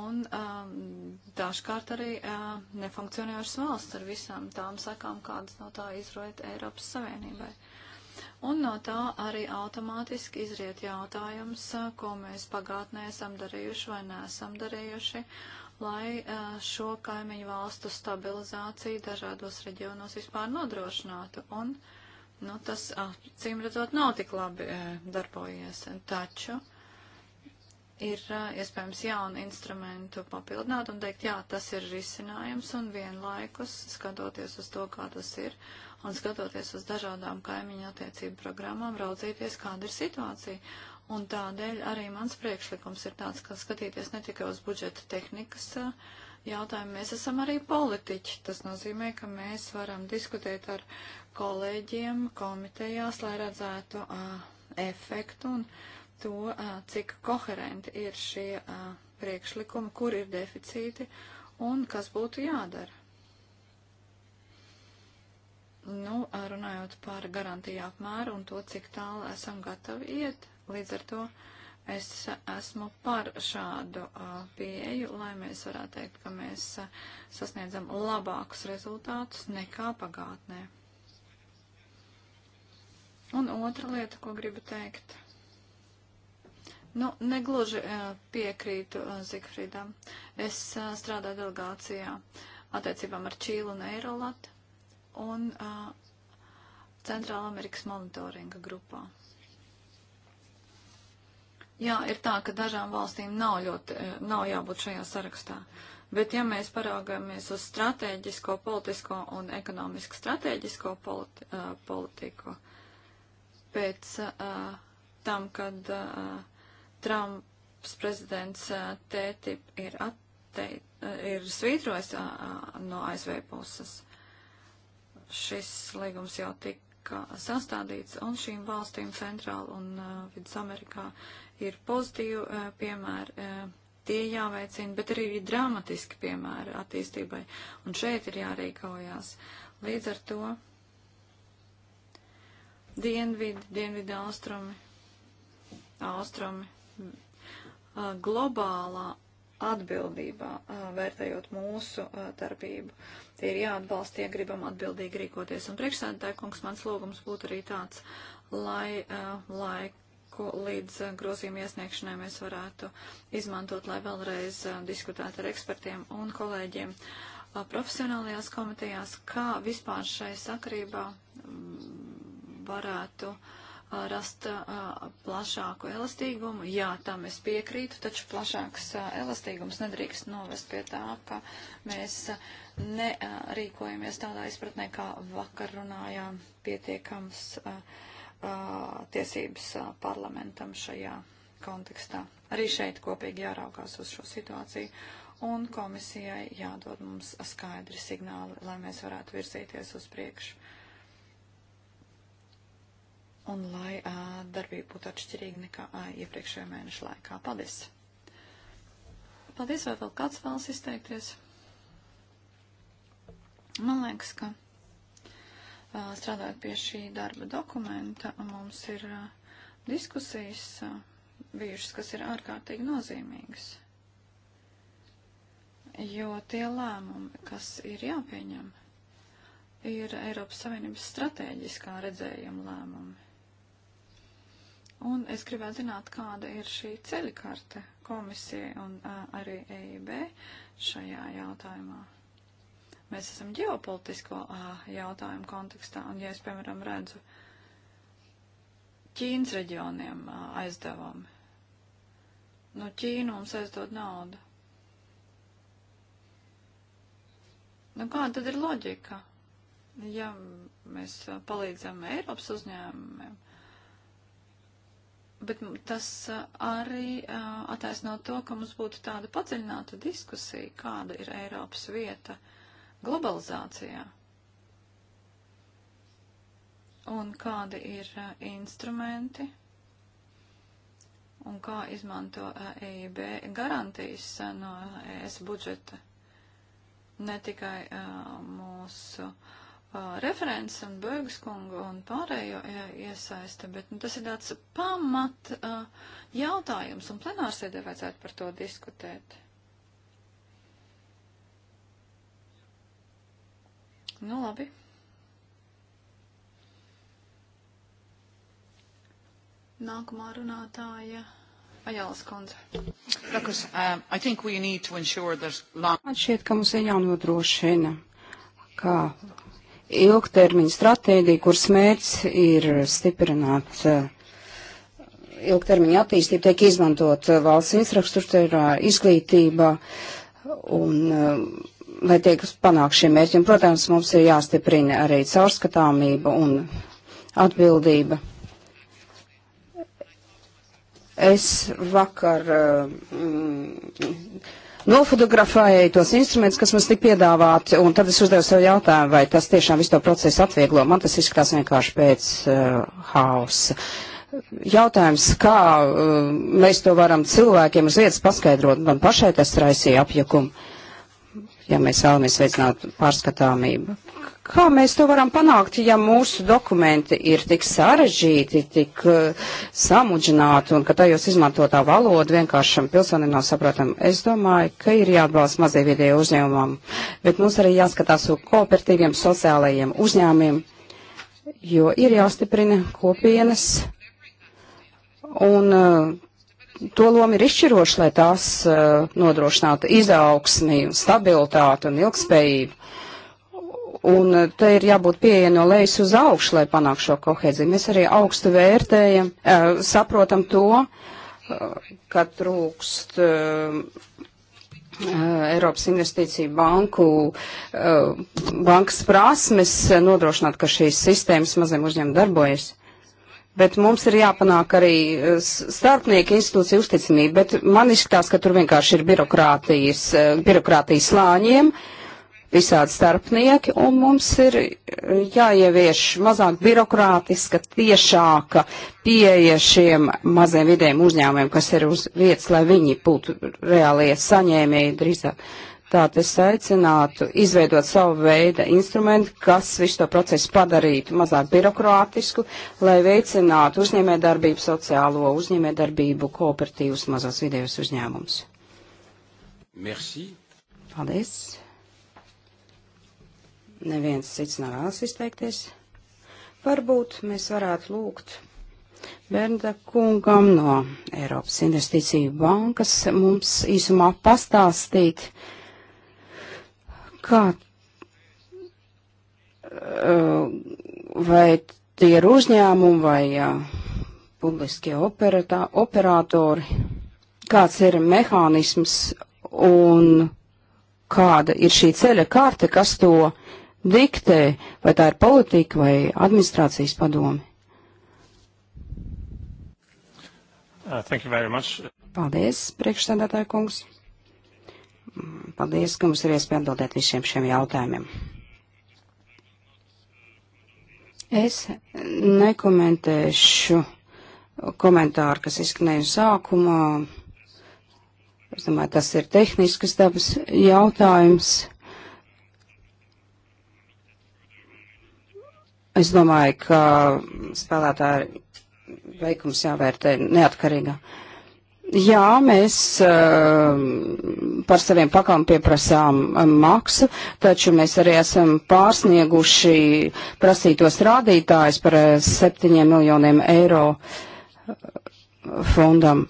Un um, dažkārt arī uh, nefunkcionējošas valsts ar visām tām sakām, kādas no tā izroiet Eiropas Savienībai. Un no tā arī automātiski izriet jautājums, uh, ko mēs pagātnē esam darījuši vai neesam darījuši, lai šo kaimiņu valstu stabilizāciju dažādos reģionos vispār nodrošinātu. Un, nu, tas, cīm redzot, nav tik labi darbojies. Taču ir iespējams jaunu instrumentu papildināt un teikt, jā, tas ir risinājums un vienlaikus skatoties uz to, kā tas ir un skatoties uz dažādām kaimiņu attiecību programmām, raudzīties, kāda ir situācija Un tādēļ arī mans priekšlikums ir tāds, ka skatīties ne tikai uz budžeta tehnikas jautājumu, mēs esam arī politiķi. Tas nozīmē, ka mēs varam diskutēt ar kolēģiem komitejās, lai redzētu uh, efektu un to, uh, cik koherenti ir šie uh, priekšlikumi, kur ir deficīti un kas būtu jādara. Nu, runājot par garantiju apmēru un to, cik tālu esam gatavi iet. Līdz ar to es esmu par šādu uh, pieeju, lai mēs varētu teikt, ka mēs uh, sasniedzam labākus rezultātus nekā pagātnē. Un otra lieta, ko gribu teikt. Nu, negluži uh, piekrītu Zigfrīdam. Es strādāju delegācijā attiecībām ar Čīlu un Eirolatu un Centrāla Amerikas monitoringa grupā. Jā, ir tā, ka dažām valstīm nav, ļoti, eh, nav jābūt šajā sarakstā. Bet ja mēs paraugamies uz strateģisko, politisko un ekonomisku strateģisko politi eh, politiku, pēc uh, tam, kad uh, Trumps prezidents uh, TTIP ir, atteit, uh, ir svītrojis uh, no ASV puses, šis līgums jau tika sastādīts, un šīm valstīm Centrāla un uh, Vidus Amerikā ir pozitīvi piemēri, tie jāveicina, bet arī ir dramatiski piemēri attīstībai. Un šeit ir jārīkojās. Līdz ar to dienvidi, dienvidi austrumi, austrumi globālā atbildībā, vērtējot mūsu darbību. Tie ir jāatbalsta, ja gribam atbildīgi rīkoties. Un priekšsēdētāji, kungs, mans lūgums būtu arī tāds, lai, lai ko līdz eh, grozījuma iesniegšanai mēs varētu izmantot, lai vēlreiz eh, diskutētu ar ekspertiem un kolēģiem eh, profesionālajās komitejās, kā vispār šai sakrībā mm, varētu rast plašāku elastīgumu. Jā, tam es piekrītu, taču plašāks elastīgums nedrīkst novest pie tā, ka mēs nerīkojamies tādā izpratnē, kā vakar runājām pietiekams. Uh, uh, tiesības uh, parlamentam šajā kontekstā. Arī šeit kopīgi jāraugās uz šo situāciju un komisijai jādod mums skaidri signāli, lai mēs varētu virzīties uz priekšu. Un lai uh, darbība būtu atšķirīga nekā uh, iepriekšējā mēneša laikā. Paldies! Paldies, vai vēl kāds vēlas izteikties? Man liekas, ka strādājot pie šī darba dokumenta, mums ir diskusijas bijušas, kas ir ārkārtīgi nozīmīgas. Jo tie lēmumi, kas ir jāpieņem, ir Eiropas Savienības stratēģiskā redzējuma lēmumi. Un es gribētu zināt, kāda ir šī ceļkarte komisija un a, arī EIB šajā jautājumā. Mēs esam ģeopolitisko uh, jautājumu kontekstā, un ja es, piemēram, redzu Ķīnas reģioniem uh, aizdevumi, no nu, Ķīna mums aizdod naudu. Nu, kāda tad ir loģika? Ja mēs palīdzam Eiropas uzņēmumiem, bet tas arī attaisno to, ka mums būtu tāda padziļināta diskusija, kāda ir Eiropas vieta uh, globalizācijā. Un kādi ir uh, instrumenti un kā izmanto uh, eh, EIB garantijas uh, no ES e budžeta ne tikai uh, mūsu uh, referents un Bēgas kungu un pārējo uh, iesaista, bet nu, tas ir tāds pamat uh, jautājums un plenārsēdē vajadzētu par to diskutēt. Nu, labi. Nākamā runātāja Ajālas kundze. Uh, Man šķiet, ka mums ir jānodrošina, ka ilgtermiņa stratēģija, kuras mērķis ir stiprināt uh, ilgtermiņa attīstību, tiek izmantot uh, valsts infrastruktūrā, izglītībā un lai tiek panākt šie mērķi. Un, protams, mums ir jāstiprina arī caurskatāmība un atbildība. Es vakar mm, nofotografēju tos instrumentus, kas mums tika piedāvāti, un tad es uzdevu sev jautājumu, vai tas tiešām visu to procesu atvieglo. Man tas izskatās vienkārši pēc uh, hausa. Jautājums, kā uh, mēs to varam cilvēkiem uz vietas paskaidrot, man pašai tas raisīja apjukumu. Uh, ja mēs vēlamies veicināt pārskatāmību. Kā mēs to varam panākt, ja mūsu dokumenti ir tik sarežģīti, tik uh, samudžināti un ka tajos izmantotā valoda vienkāršam pilsonim nav saprotama? Es domāju, ka ir jāatbalsta mazie vidēji uzņēmumam, bet mums arī jāskatās uz kooperatīviem sociālajiem uzņēmumiem, jo ir jāstiprina kopienas un uh, to lomu ir izšķiroši, lai tās uh, nodrošinātu izaugsmi, stabilitāti un ilgspējību. Un uh, te ir jābūt pieeja no lejas uz augšu, lai panāktu šo kohēziju. Mēs arī augstu vērtējam, uh, saprotam to, uh, ka trūkst uh, Eiropas investīciju banku, uh, bankas prasmes nodrošināt, ka šīs sistēmas maziem uzņēmumiem darbojas. Uh, bet mums ir jāpanāk arī eh, starpnieku institūcija uzticamība, bet man izskatās, ka tur vienkārši ir birokrātijas, eh, birokrātijas slāņiem, visādi starpnieki, un mums ir eh, jāievieš mazāk birokrātiska, tiešāka pieeja šiem maziem vidiem uzņēmumiem, kas ir uz vietas, lai viņi būtu reālie saņēmēji drīzāk Tātad es aicinātu izveidot savu veidu instrumentu, kas visu to procesu padarītu mazāk birokrātisku, lai veicinātu uzņēmējdarbību, sociālo uzņēmējdarbību, kooperatīvus mazos vidējos uzņēmumus. Merci. Paldies. Neviens cits nav vēlas izteikties. Varbūt mēs varētu lūgt Bernda kungam no Eiropas Investīciju bankas mums īsumā pastāstīt kā uh, vai tie ir uzņēmumi vai uh, publiskie operatā, operatori, kāds ir mehānisms un kāda ir šī ceļa kārta, kas to diktē, vai tā ir politika vai administrācijas padomi. Uh, Paldies, priekšsēdētāja kungs. Paldies, ka mums ir iespēja atbildēt visiem šiem jautājumiem. Es nekomentēšu komentāru, kas izskanēja sākumā. Es domāju, tas ir tehniskas dabas jautājums. Es domāju, ka spēlētāju veikums jāvērtē neatkarīgā Jā, mēs uh, par saviem pakām pieprasām ehm, maksu, taču mēs arī esam pārsnieguši prasītos rādītājus par 7 eh, miljoniem eiro eh, fondam.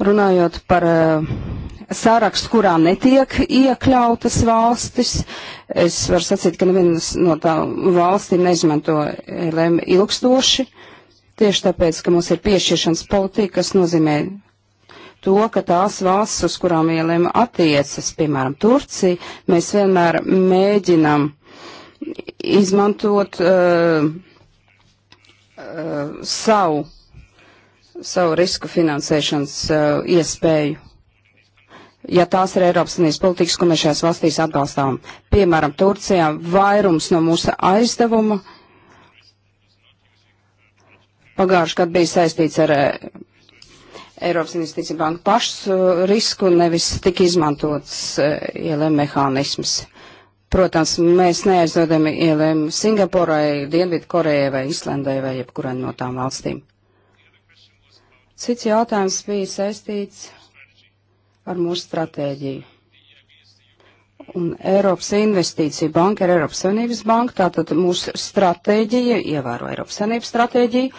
Runājot par uh, eh, sarakstu, kurā netiek iekļautas valstis, es varu sacīt, ka nevienas no tām valstīm neizmanto LM ilgstoši. Uh, Tieši tāpēc, ka mums ir piešķiršanas politika, kas nozīmē to, ka tās valsts, uz kurām ielēma attiecas, piemēram, Turcija, mēs vienmēr mēģinam izmantot uh, uh, savu, savu risku finansēšanas uh, iespēju. Ja tās ir Eiropas Unības politikas, ko mēs šajās valstīs atbalstām, piemēram, Turcijā vairums no mūsu aizdevuma uh, pagājuši gadu bija saistīts ar eh, Eiropas Investīcija Banka pašas eh, risku, nevis tik izmantots eh, ILM mehānisms. Protams, mēs neaizdodam ILM Singapūrai, Dienvidkorejai vai Islandai vai jebkurai no tām valstīm. Cits jautājums bija saistīts ar mūsu stratēģiju. Un Eiropas Investīcija Banka ir Eiropas Savienības banka, tātad mūsu stratēģija ievēro Eiropas Savienības stratēģiju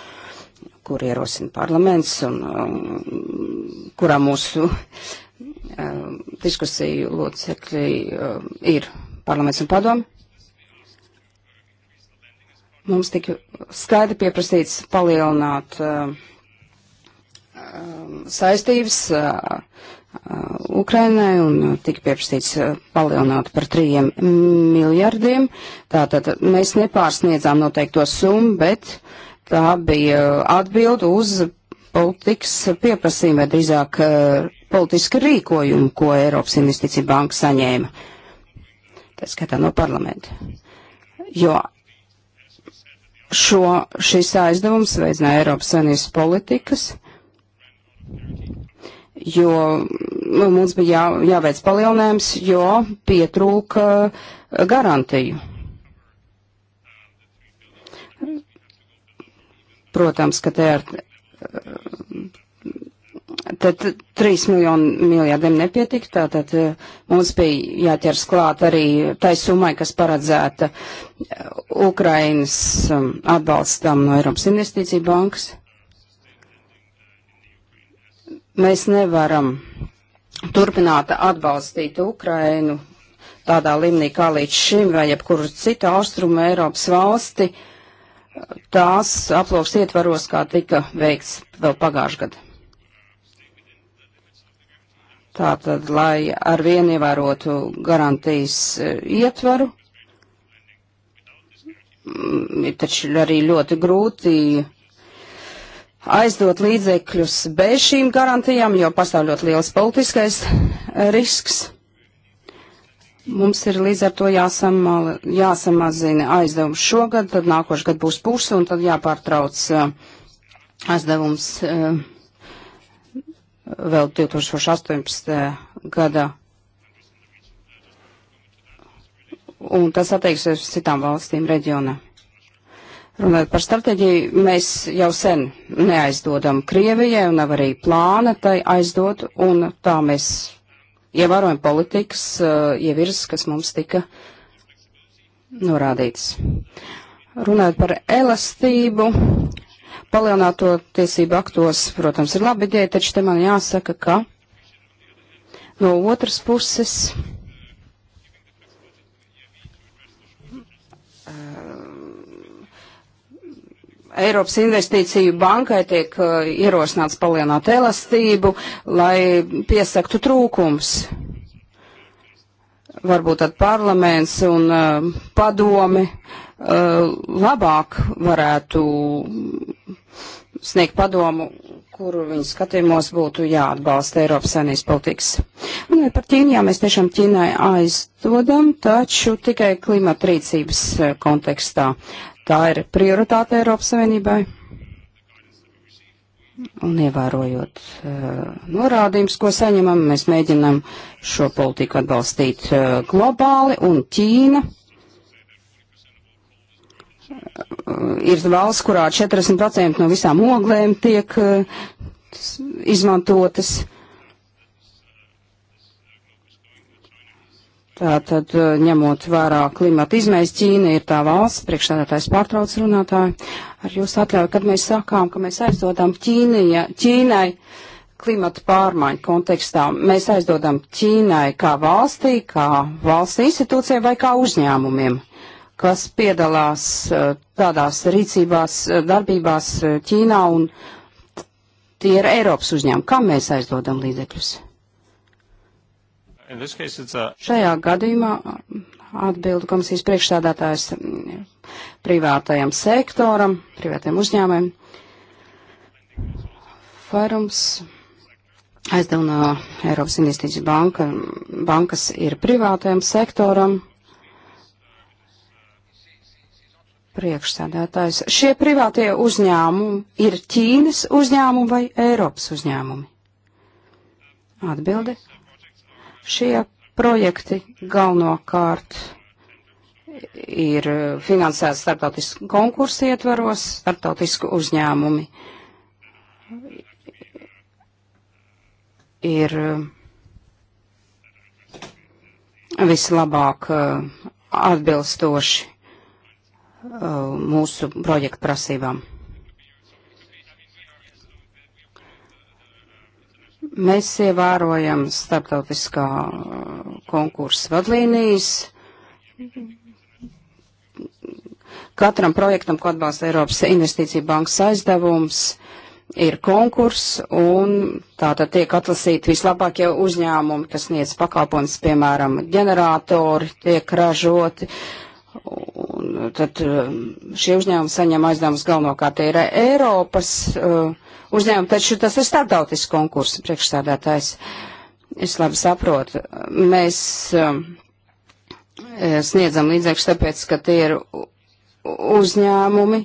kur ierosina parlaments un um, kurā mūsu um, diskusiju locekļi um, ir parlaments un padomi. Mums tika skaidri pieprasīts palielināt um, um saistības uh, uh, Ukrainai un tika pieprasīts uh, palielināt par trījiem miljardiem. Tātad mēs nepārsniedzām noteikto summu, bet uh, tā bija atbildu uz politikas pieprasījumu, vai drīzāk eh, politiski rīkojumu, ko Eiropas Investīcija Banka saņēma. Tā skatā no parlamenta. Jo šo, šis aizdevums veicināja Eiropas Savienības politikas, jo nu, mums bija jā, jāveic palielinājums, jo pietrūka garantiju. Protams, ka te ar tad 3 miljonu miljardiem nepietika, tātad eh, mums bija jāķers klāt arī tai summai, kas paredzēta eh, Ukrainas um, atbalstam no Eiropas investīcija bankas. Mēs nevaram turpināt atbalstīt Ukrainu tādā līmenī kā līdz šim vai jebkuru citu austrumu Eiropas valsti. Uh, tās aploks ietvaros, kā tika veikts vēl pagājušajā gadā. Tātad, lai ar vienu ievērotu garantijas e, ietvaru, mm, ir taču arī ļoti grūti aizdot līdzekļus bez šīm garantijām, jo pastāv ļoti liels politiskais e, risks. Mums ir līdz ar to jāsamala, jāsamazina aizdevums šogad, tad nākošais gads būs puse, un tad jāpārtrauc uh, aizdevums uh, vēl 2018. Uh, gadā. Un tas attieksies uz citām valstīm reģionā. Runājot par stratēģiju, mēs jau sen neaizdodam Krievijai un nav arī plāna tai aizdot, un tā mēs ievērojam politikas uh, ievirs, kas mums tika norādīts. Runājot par elastību, palielināto tiesību aktos, protams, ir labi ideja, taču te man jāsaka, ka no otras puses Eiropas investīciju bankai tiek uh, ierosināts palielināt elastību, lai piesaktu trūkums. Varbūt tad parlaments un uh, eh, padomi uh, eh, labāk varētu sniegt padomu, kuru viņa skatījumos būtu jāatbalsta Eiropas saimnības politikas. Un par Ķīnu, jā, mēs tiešām Ķīnai aizdodam, taču tikai klimata rīcības kontekstā. Uh, Tā ir prioritāte Eiropas Savienībai. Un ievērojot uh, norādījumus, ko saņemam, mēs mēģinam šo politiku atbalstīt uh, globāli, un Ķīna uh, ir valsts, kurā 40% no visām oglēm tiek uh, izmantotas. Uh, Tātad, eh, ņemot vērā klimata izmaiņas, Ķīna ir tā valsts, priekšstādātājs pārtrauc runātāju. Ar jūs atļauju, kad mēs sakām, ka mēs aizdodam Ķīnija, Ķīnai klimata pārmaiņu kontekstā, mēs aizdodam Ķīnai kā valstī, kā valsts institūcijai vai kā uzņēmumiem, kas piedalās eh, tādās rīcībās, eh, darbībās Ķīnā un tie ir Eiropas uzņēmumi. Kam mēs aizdodam līdzekļus? a... Šajā gadījumā atbildu komisijas priekšstādātājs privātajam sektoram, privātajiem uzņēmēm. Vairums aizdevumā Eiropas investīciju banka, bankas ir privātajam sektoram. Priekšstādātājs. Šie privātie uzņēmumi ir Ķīnas uzņēmumi vai Eiropas uzņēmumi? Atbilde Šie projekti galvenokārt ir finansēti starptautisku konkursu ietvaros, starptautisku uzņēmumi ir uh, vislabāk uh, atbilstoši uh, mūsu projektu prasībām. Mēs ievērojam starptautiskā uh, konkursa vadlīnijas. Katram projektam, ko atbalsta Eiropas Investīcija bankas aizdevums, ir konkurss, un tātad tiek atlasīti vislabākie uzņēmumi, kas sniedz pakalpojumus, piemēram, ģeneratori tiek ražoti. Un tad uh, šie uzņēmumi saņem aizdevumus galvenokārt ir Eiropas uh, uzņēmumu, taču tas ir starptautisks konkurss priekšstādātājs. Es labi saprotu. Mēs um, e, sniedzam līdzekļus tāpēc, ka tie ir uzņēmumi,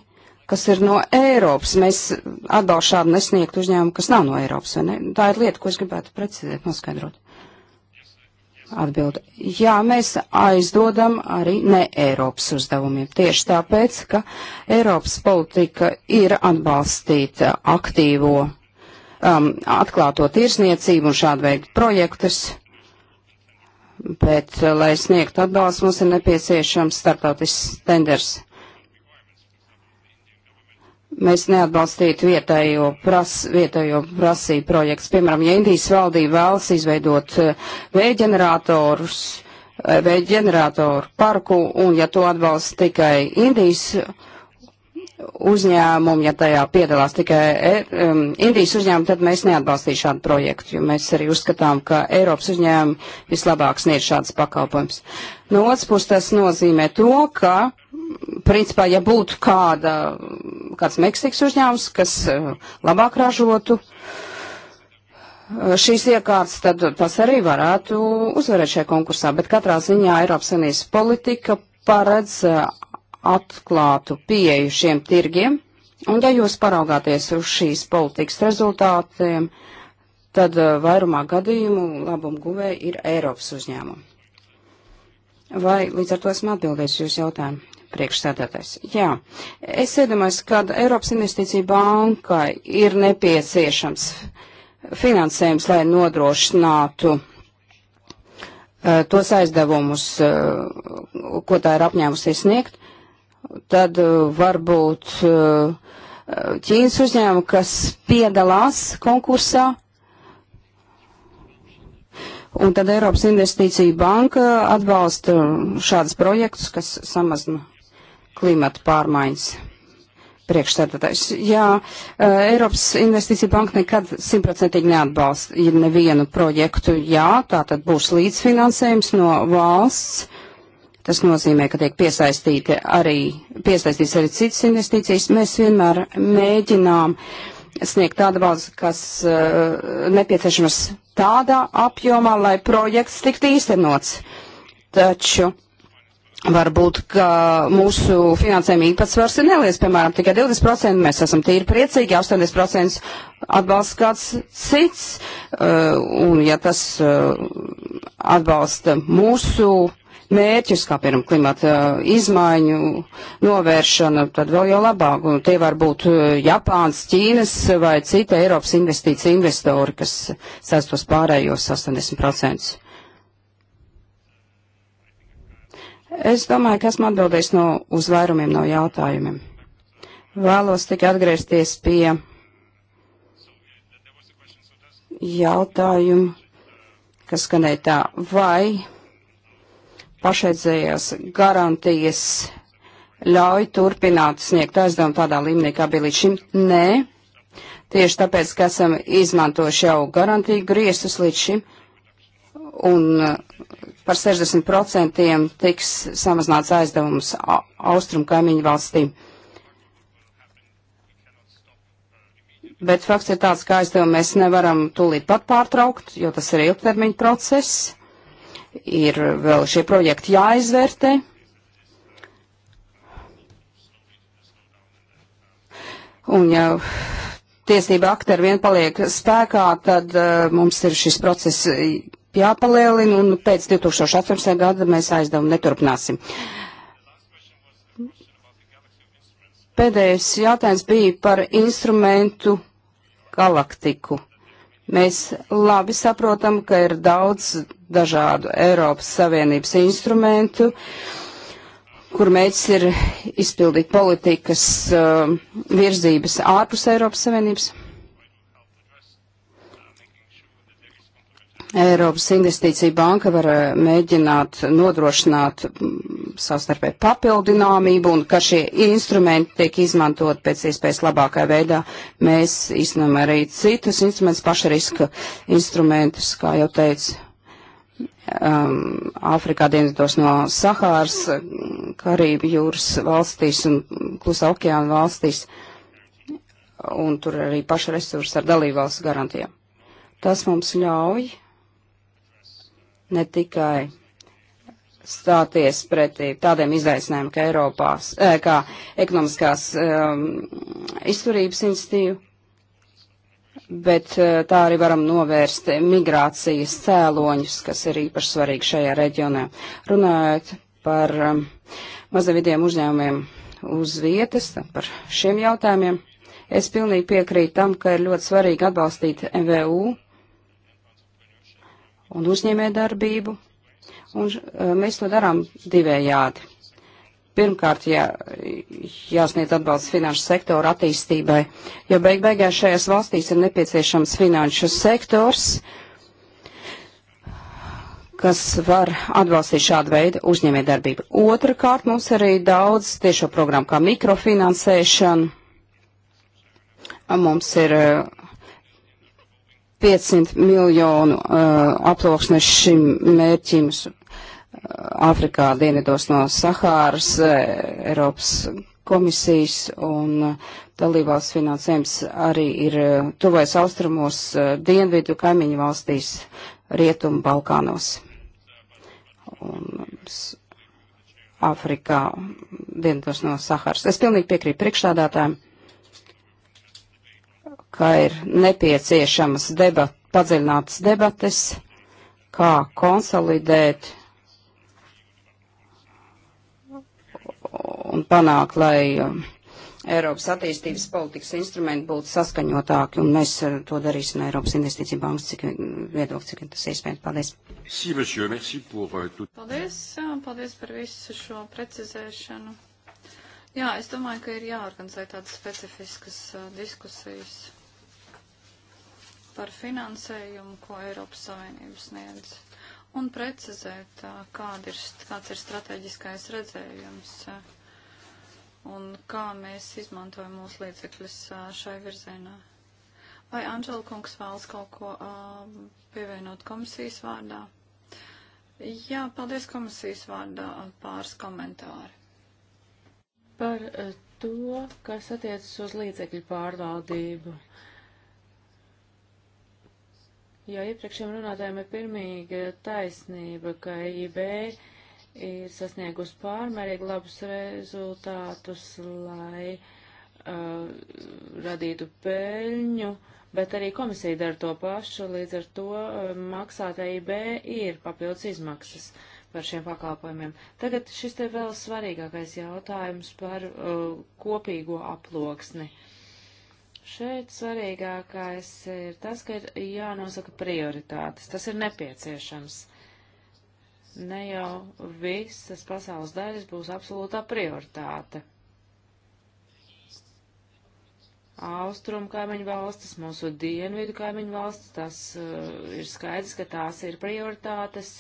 kas ir no Eiropas. Mēs atbalstu šādu nesniegtu uzņēmumu, kas nav no Eiropas. Ne? Tā ir lieta, ko es gribētu precizēt, noskaidrot. Atbildu. Jā, mēs aizdodam arī ne Eiropas uzdevumiem. Tieši tāpēc, ka Eiropas politika ir atbalstīta uh, aktīvo um, atklāto tirsniecību un šādu veidu projektus. Bet, uh, lai sniegtu atbalstu, mums ir nepieciešams startautisks tenders mēs neatbalstītu vietējo, pras, vietējo prasību projekts. Piemēram, ja Indijas valdība vēlas izveidot eh, vējģenerators, eh, vējģeneratoru parku, un ja to atbalsta tikai Indijas uzņēmumu, ja tajā piedalās tikai eh, um, Indijas uzņēmumi, tad mēs neatbalstīsim šādu projektu, jo mēs arī uzskatām, ka Eiropas uzņēmumi vislabāk sniedz šādas pakalpojumus. No otras puses tas nozīmē to, ka uh, principā, ja būtu kāda, kāds Meksikas uzņēmums, kas eh, labāk ražotu eh, šīs iekārtas, tad tas arī varētu uzvarēt šajā konkursā. Bet katrā ziņā Eiropas Savienības politika paredz eh, atklātu pieeju šiem tirgiem. Un ja jūs paraugāties uz šīs politikas rezultātiem, tad vairumā gadījumu labumu guvēji ir Eiropas uzņēmumi. Vai līdz ar to esmu atbildējis jūs jautājumu? priekšsēdētājs. Jā, es iedomājos, ka Eiropas investīcija bankai ir nepieciešams finansējums, lai nodrošinātu uh, tos aizdevumus, uh, ko tā ir apņēmusies sniegt, tad uh, varbūt Ķīnas uzņēmumi, kas piedalās konkursā, Un tad Eiropas Investīcija banka atbalsta šādus projektus, kas samazina klimata pārmaiņas. Priekšstādātājs. Jā, eh, Eiropas investīcija banka nekad simtprocentīgi neatbalsta nevienu projektu. Jā, tā tad būs līdzfinansējums no valsts. Tas nozīmē, ka tiek piesaistīti arī, piesaistīts arī citas investīcijas. Mēs vienmēr mēģinām sniegt tādu balstu, kas uh, eh, nepieciešams tādā apjomā, lai projekts tiktu īstenots. Taču Varbūt, ka mūsu finansējuma īpatsvars ir neliels, piemēram, tikai 20%, mēs esam tīri priecīgi, 80% atbalsts kāds cits, uh, un ja tas uh, atbalsta mūsu mērķus, kā piemēram klimata uh, izmaiņu novēršana, tad vēl jau labāk. Un tie var būt Japāns, Ķīnas vai cita Eiropas investīcija investori, kas sēstos pārējos 80%. Es domāju, ka esmu atbildējis no uz vairumiem no jautājumiem. Vēlos tikai atgriezties pie jautājumu, kas skanēja tā, vai pašreizējās garantijas ļauj turpināt sniegt aizdevumu tādā līmenī, kā bija līdz šim? Nē. Tieši tāpēc, ka esam izmantojuši jau garantiju griestus līdz šim, un eh, par 60% tiks samazināts aizdevums austrumu kaimiņu valstīm. Bet fakts ir tāds, ka aizdevumu mēs nevaram tūlīt pat pārtraukt, jo tas ir ilgtermiņa process. Ir vēl šie projekti jāizvērtē. Un ja tiesība akti ar vien paliek spēkā, tad uh, mums ir šis process jāpalielina, un pēc 2018. gada mēs aizdevumu neturpināsim. Pēdējais jautājums bija par instrumentu galaktiku. Mēs labi saprotam, ka ir daudz dažādu Eiropas Savienības instrumentu, kur mērķis ir izpildīt politikas uh, virzības ārpus Eiropas Savienības. Eiropas investīcija banka var eh, mēģināt nodrošināt mm, savstarpēju papildināmību un ka šie instrumenti tiek izmantot pēc iespējas labākā veidā. Mēs iznam arī citus instrumentus, pašriska instrumentus, kā jau teicu, um, Āfrikā dienvidos no Sahāras, Karību jūras valstīs un Klusa okeāna valstīs. Un tur arī paša resursi ar dalībvalsts garantijām. Tas mums ļauj ne tikai stāties pretī tādiem izaicinājumiem, kā Eiropās, eh, kā ekonomiskās um, izturības institīva, bet eh, tā arī varam novērst migrācijas cēloņus, kas ir īpaši svarīgi šajā reģionā. Runājot par um, ehm, mazavidiem uzņēmumiem uz vietas, par šiem jautājumiem, es pilnīgi piekrītu tam, ka ir ļoti svarīgi atbalstīt MVU un uzņēmē darbību, un e, mēs to darām divējādi. Pirmkārt, jā, jāsniedz atbalsts finanšu sektora attīstībai, jo beig beigās šajās valstīs ir nepieciešams finanšu sektors, kas var atbalstīt šādu veidu uzņēmējdarbību. Otrakārt, mums arī daudz tiešo programmu kā mikrofinansēšana. Mums ir uh, 500 miljonu uh, aploksnes šim mērķim uh, Āfrikā uh, dienvidos no Sahāras, uh, Eiropas komisijas un uh, dalībās finansējums arī ir uh, tuvais austrumos, uh, dienvidu kaimiņu valstīs, rietumu Balkānos. Un, Āfrikā, dienvidos no Sahāras. Es pilnīgi piekrītu priekšstādātājiem ka ir nepieciešamas debat, padziļinātas debates, kā konsolidēt un panākt, lai um, Eiropas attīstības politikas instrumenti būtu saskaņotāki, un mēs uh, to darīsim Eiropas investīcija bankas cik viedokļu, cik tas iespējams. Paldies. Si, monsieur, merci pour, euh, uh, paldies, paldies par visu šo precizēšanu. Jā, es domāju, ka ir jāorganizē tādas specifiskas uh, diskusijas par finansējumu, ko Eiropas Savienība sniedz, un precizēt, kāda ir, kāds ir strateģiskais redzējums un kā mēs izmantojam mūsu līdzekļus šai virzienā. Vai Anžela kungs vēlas kaut ko uh, pievienot komisijas vārdā? Jā, paldies komisijas vārdā pāris komentāri. Par to, kas attiecas uz līdzekļu pārvaldību. Uh, Jo iepriekšējiem runātājiem ir pirmīga taisnība, ka IB ir sasniegusi pārmērīgi labus rezultātus, lai uh, radītu peļņu, bet arī komisija dara to pašu, līdz ar to uh, maksāt EIB ir papildus izmaksas par šiem pakalpojumiem. Tagad šis te vēl svarīgākais jautājums par uh, kopīgo aploksni. Uh, Šeit svarīgākais ir tas, ka ir jānosaka prioritātes. Tas ir nepieciešams. Ne jau visas pasaules daļas būs absolūtā prioritāte. Austrumu kaimiņu valstis, mūsu dienvidu kaimiņu valstis, tas uh, ir skaidrs, ka tās ir prioritātes,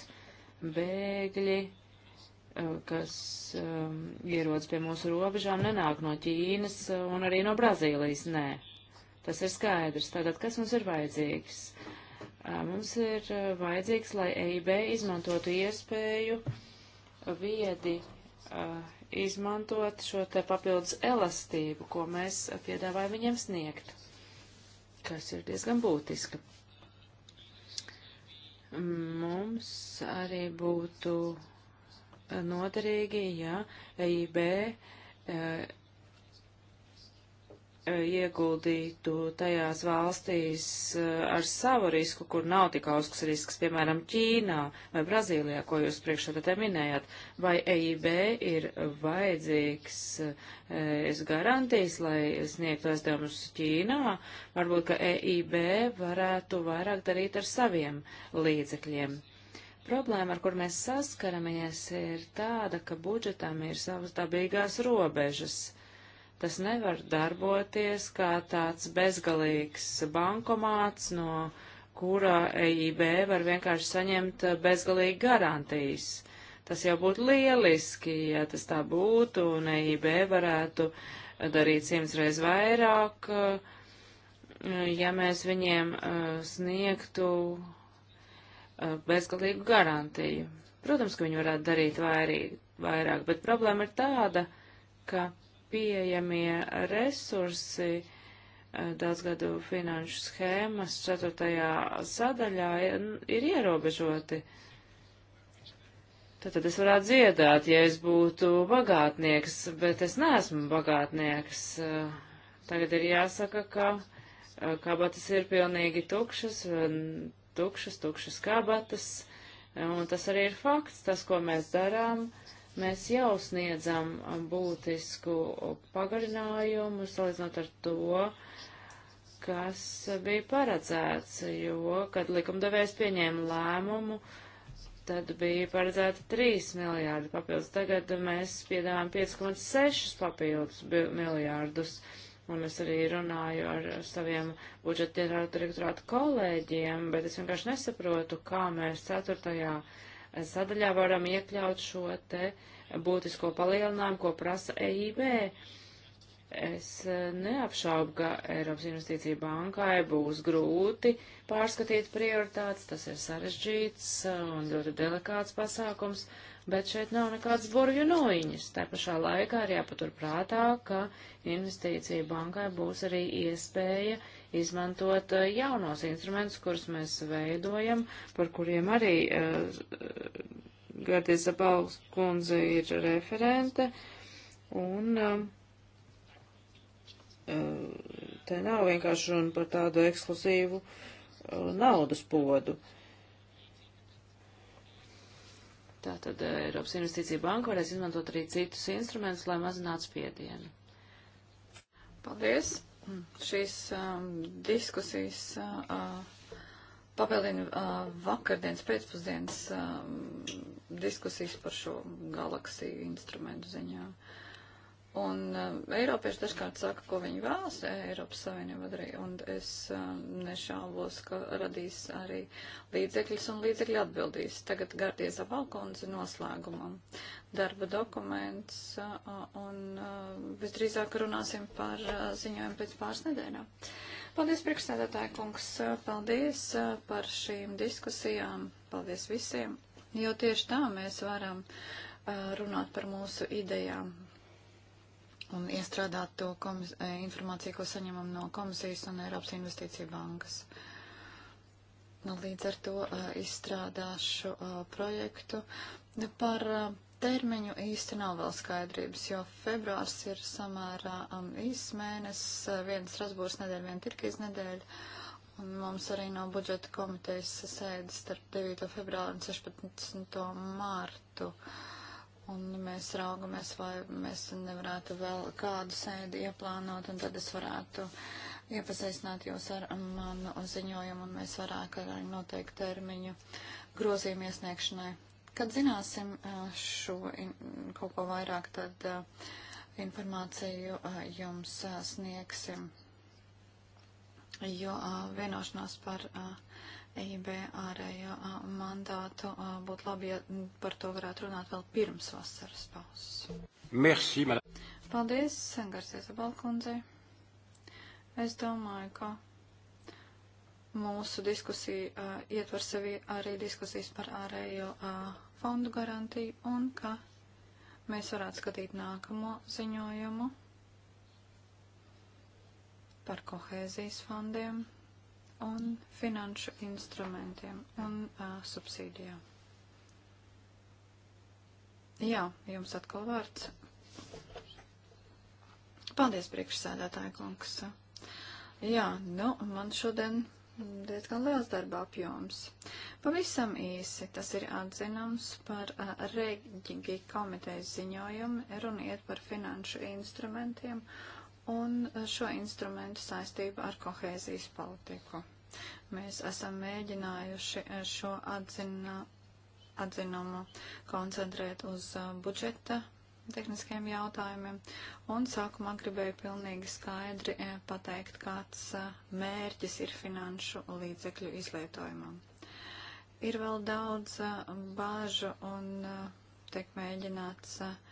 bēgļi, uh, kas um, ierodas pie mūsu robežām, nenāk no Ķīnas uh, un arī no Brazīlijas, nē. Tas ir skaidrs. Tātad, kas mums ir vajadzīgs? Mums ir vajadzīgs, lai EIB izmantotu iespēju viedi izmantot šo te papildus elastību, ko mēs piedāvājam viņiem sniegt, kas ir diezgan būtiska. Mums arī būtu noderīgi, ja EIB ieguldītu tajās valstīs eh, ar savu risku, kur nav tik augsts risks, piemēram, Ķīnā vai Brazīlijā, ko jūs priekšādā minējāt, vai EIB ir vajadzīgs, eh, es garantīs, lai sniegtu aizdevumus Ķīnā, varbūt, ka EIB varētu vairāk darīt ar saviem līdzekļiem. Problēma, ar kur mēs saskaramies, ir tāda, ka budžetam ir savas dabīgās robežas Tas nevar darboties kā tāds bezgalīgs bankomāts, no kura EIB var vienkārši saņemt eh, bezgalīgi garantijas. Tas jau būtu lieliski, ja tas tā būtu, un EIB varētu darīt simts reiz vairāk, eh, ja mēs viņiem eh, sniegtu bezgalīgu garantiju. Protams, ka viņi varētu darīt vairī, vairāk, bet problēma ir tāda, ka pieejamie resursi eh, daudzgadu finanšu schēmas ceturtajā sadaļā ir ierobežoti. Tad, tad es varētu dziedāt, ja es būtu bagātnieks, bet es neesmu bagātnieks. Eh, tagad ir jāsaka, ka eh, kabatas ir pilnīgi tukšas, tukšas, tukšas kabatas, un tas arī ir fakts, tas, ko mēs darām. Uh, Mēs jau sniedzam um, būtisku pagarinājumu salīdzinot ar to, kas bija paredzēts, jo, kad likumdevējs pieņēma lēmumu, tad bija paredzēta 3 miljārdi papildus. Tagad mēs piedāvājam 5,6 papildus miljārdus. Un es arī runāju ar saviem budžeta direktorātu kolēģiem, bet es vienkārši nesaprotu, kā mēs ceturtajā sadaļā varam iekļaut šo te būtisko palielinājumu, ko prasa EIB. Es e, neapšaubu, ka Eiropas investīcija bankai būs grūti pārskatīt prioritātes, tas ir sarežģīts e, un ļoti delikāts pasākums, bet šeit nav nekādas burvju noiņas. Tā pašā laikā ir jāpatur prātā, ka investīcija bankai būs arī iespēja izmantot eh, jaunos instrumentus, kurus mēs veidojam, par kuriem arī uh, eh, Gardis Zabals kundze ir referente. Un, uh, Te nav vienkārši runa par tādu ekskluzīvu uh, naudas podu. Uh, Tātad eh, Eiropas Investīcija Banka varēs izmantot arī citus instrumentus, lai mazinātu spiedienu. Paldies! Šīs um, diskusijas uh, uh papildina uh, vakardienas pēcpusdienas um, diskusijas par šo galaksiju instrumentu ziņā. Uh, Un um, Eiropieši dažkārt saka, ko viņi vēlas Eiropas Savienībā darīt, un es um, nešaubos, ka radīs arī līdzekļus un līdzekļi atbildīs. Tagad Gardieza Valkundze noslēgumam darba dokuments, uh, un uh, visdrīzāk runāsim par uh, ziņojumu pēc pāris nedēļām. Paldies, priekšsēdētāji kungs, uh, paldies uh, par šīm diskusijām, paldies visiem, jo tieši tā mēs varam uh, runāt par mūsu idejām un iestrādāt to komis, e, informāciju, ko saņemam no komisijas un Eiropas investīcija bankas. Nu, līdz ar to e, izstrādāšu e, projektu. Par termiņu īsti nav vēl skaidrības, jo februārs ir samērā īsts mēnesis, viens rasbūrs nedēļa, viena tirkīs nedēļa. Un mums arī no budžeta komitejas sēdes starp 9. februāru un 16. mārtu. Uh, Un mēs raugamies, vai mēs nevarētu vēl kādu sēdi ieplānot, un tad es varētu iepazīstināt jūs ar manu ziņojumu, un mēs varētu arī noteikt termiņu grozījumu iesniegšanai. Kad zināsim šo kaut ko vairāk, tad informāciju jums sniegsim, jo vienošanās par. Uh, EIB ārējo mandātu. Būtu labi, ja par to varētu runāt vēl pirms vasaras pauzes. Merci, madame. Paldies, Garsies Balkundzei. Es domāju, ka mūsu diskusija uh, ietver sevi arī diskusijas par ārējo uh, fondu garantiju un ka mēs varētu skatīt nākamo ziņojumu par kohēzijas fondiem un finanšu instrumentiem un uh, subsīdijām. Jā, jums atkal vārds. Paldies, priekšsēdētāja kungs. Jā, nu, man šodien diezgan liels darba apjoms. Pavisam īsi tas ir atzinums par uh, reģigi komitejas ziņojumu, runiet par finanšu instrumentiem. Uh, un šo instrumentu saistību ar kohēzijas politiku. Mēs esam mēģinājuši šo atzina, atzinumu koncentrēt uz uh, budžeta tehniskiem jautājumiem. Un sākumā gribēju pilnīgi skaidri uh, pateikt, kāds uh, mērķis ir finanšu līdzekļu izlietojumam. Ir vēl daudz bāžu un tiek mēģināts uh,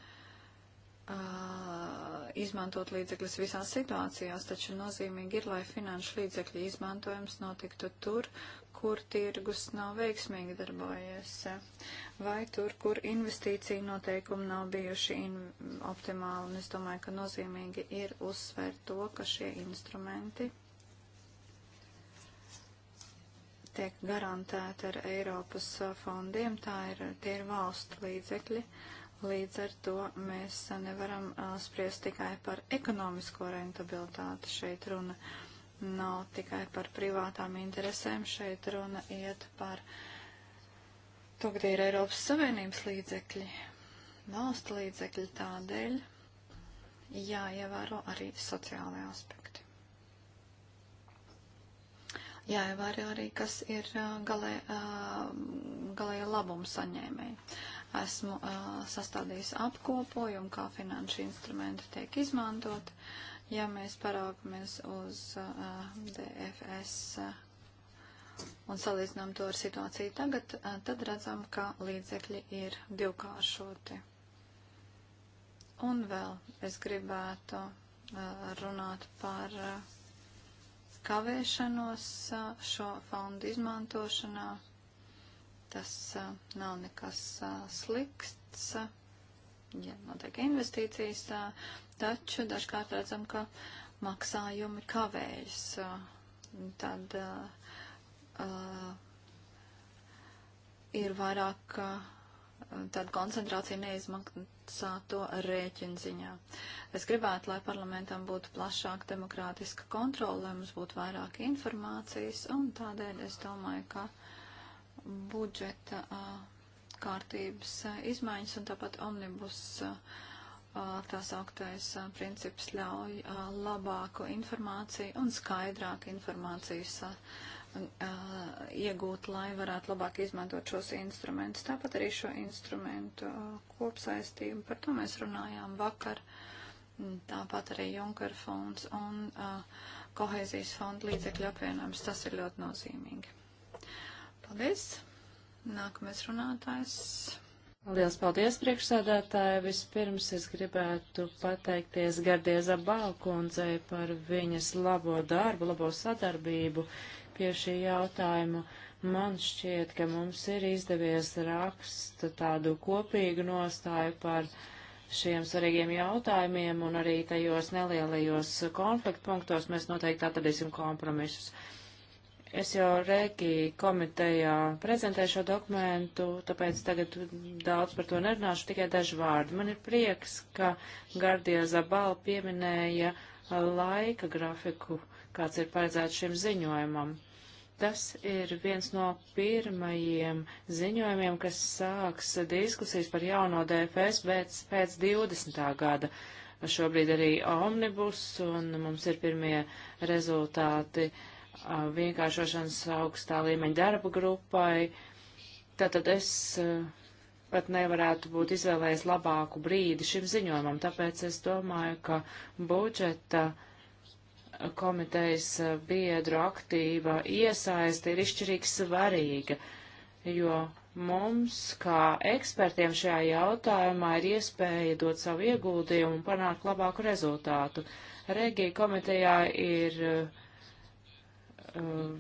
uh, izmantot līdzekļus visās situācijās, taču nozīmīgi ir, lai finanšu līdzekļu izmantojums notiktu tur, kur tirgus nav veiksmīgi darbojies, vai tur, kur investīcija noteikumi nav bijuši optimāli. Un es domāju, ka nozīmīgi ir uzsvērt to, ka šie instrumenti tiek garantēta ar Eiropas fondiem, tā ir, tie ir valstu līdzekļi. Uh, Līdz ar to mēs nevaram spriest tikai par ekonomisko rentabilitāti. Šeit runa nav tikai par privātām interesēm, šeit runa iet par to, ka tie ir Eiropas Savienības līdzekļi, valstu līdzekļi tādēļ jāievēro arī sociālai aspekti jāievēro arī, kas ir galē, galēja labuma saņēmēji. Esmu sastādījis apkopojumu, kā finanšu instrumenti tiek izmantoti. Ja mēs paraugamies uz DFS un salīdzinām to ar situāciju tagad, tad redzam, ka līdzekļi ir divkāršoti. Un vēl es gribētu runāt par uh, kavēšanos šo fondu izmantošanā. Tas nav nekas slikts, ja notiek investīcijas, taču dažkārt redzam, ka maksājumi kavējas. Tad uh, ir vairāk tāda koncentrācija neizmaksā maksāto rēķinu ziņā. Es gribētu, lai parlamentam būtu plašāk demokrātiska kontrola, lai mums būtu vairāk informācijas, un tādēļ es domāju, ka budžeta kārtības izmaiņas un tāpat omnibus tā sauktais princips ļauj labāku informāciju un skaidrāku informāciju iegūt, lai varētu labāk izmantot šos instrumentus. Tāpat arī šo instrumentu kopsaistību, par to mēs runājām vakar, tāpat arī Junker fonds un kohēzijas fonda līdzekļu apvienojums, tas ir ļoti nozīmīgi. Paldies! Nākamais runātājs. Liels paldies, priekšsādātāji! Vispirms es gribētu pateikties Gardieza Balkundzei par viņas labo darbu, labo sadarbību, pie šī jautājuma. Man šķiet, ka mums ir izdevies rakst tādu kopīgu nostāju par šiem svarīgiem jautājumiem, un arī tajos nelielajos konfliktu punktos mēs noteikti atradīsim kompromisus. Es jau Rēkī komitejā prezentēju šo dokumentu, tāpēc tagad daudz par to nerunāšu, tikai daži vārdi. Man ir prieks, ka Gardija Zabala pieminēja laika grafiku, kāds ir paredzēts šim ziņojumam Tas ir viens no pirmajiem ziņojumiem, kas sāks diskusijas par jauno DFS pēc, pēc 20. gada. Šobrīd arī omnibus, un mums ir pirmie rezultāti vienkāršošanas augstā līmeņa darba grupai. Tātad es pat nevarētu būt izvēlējis labāku brīdi šim ziņojumam, tāpēc es domāju, ka budžeta uh, komitejas eh, biedru aktīva iesaiste ir izšķirīgi svarīga, jo mums, kā ekspertiem šajā jautājumā, ir iespēja dot savu ieguldījumu un panākt labāku rezultātu. Regija komitejā ir eh,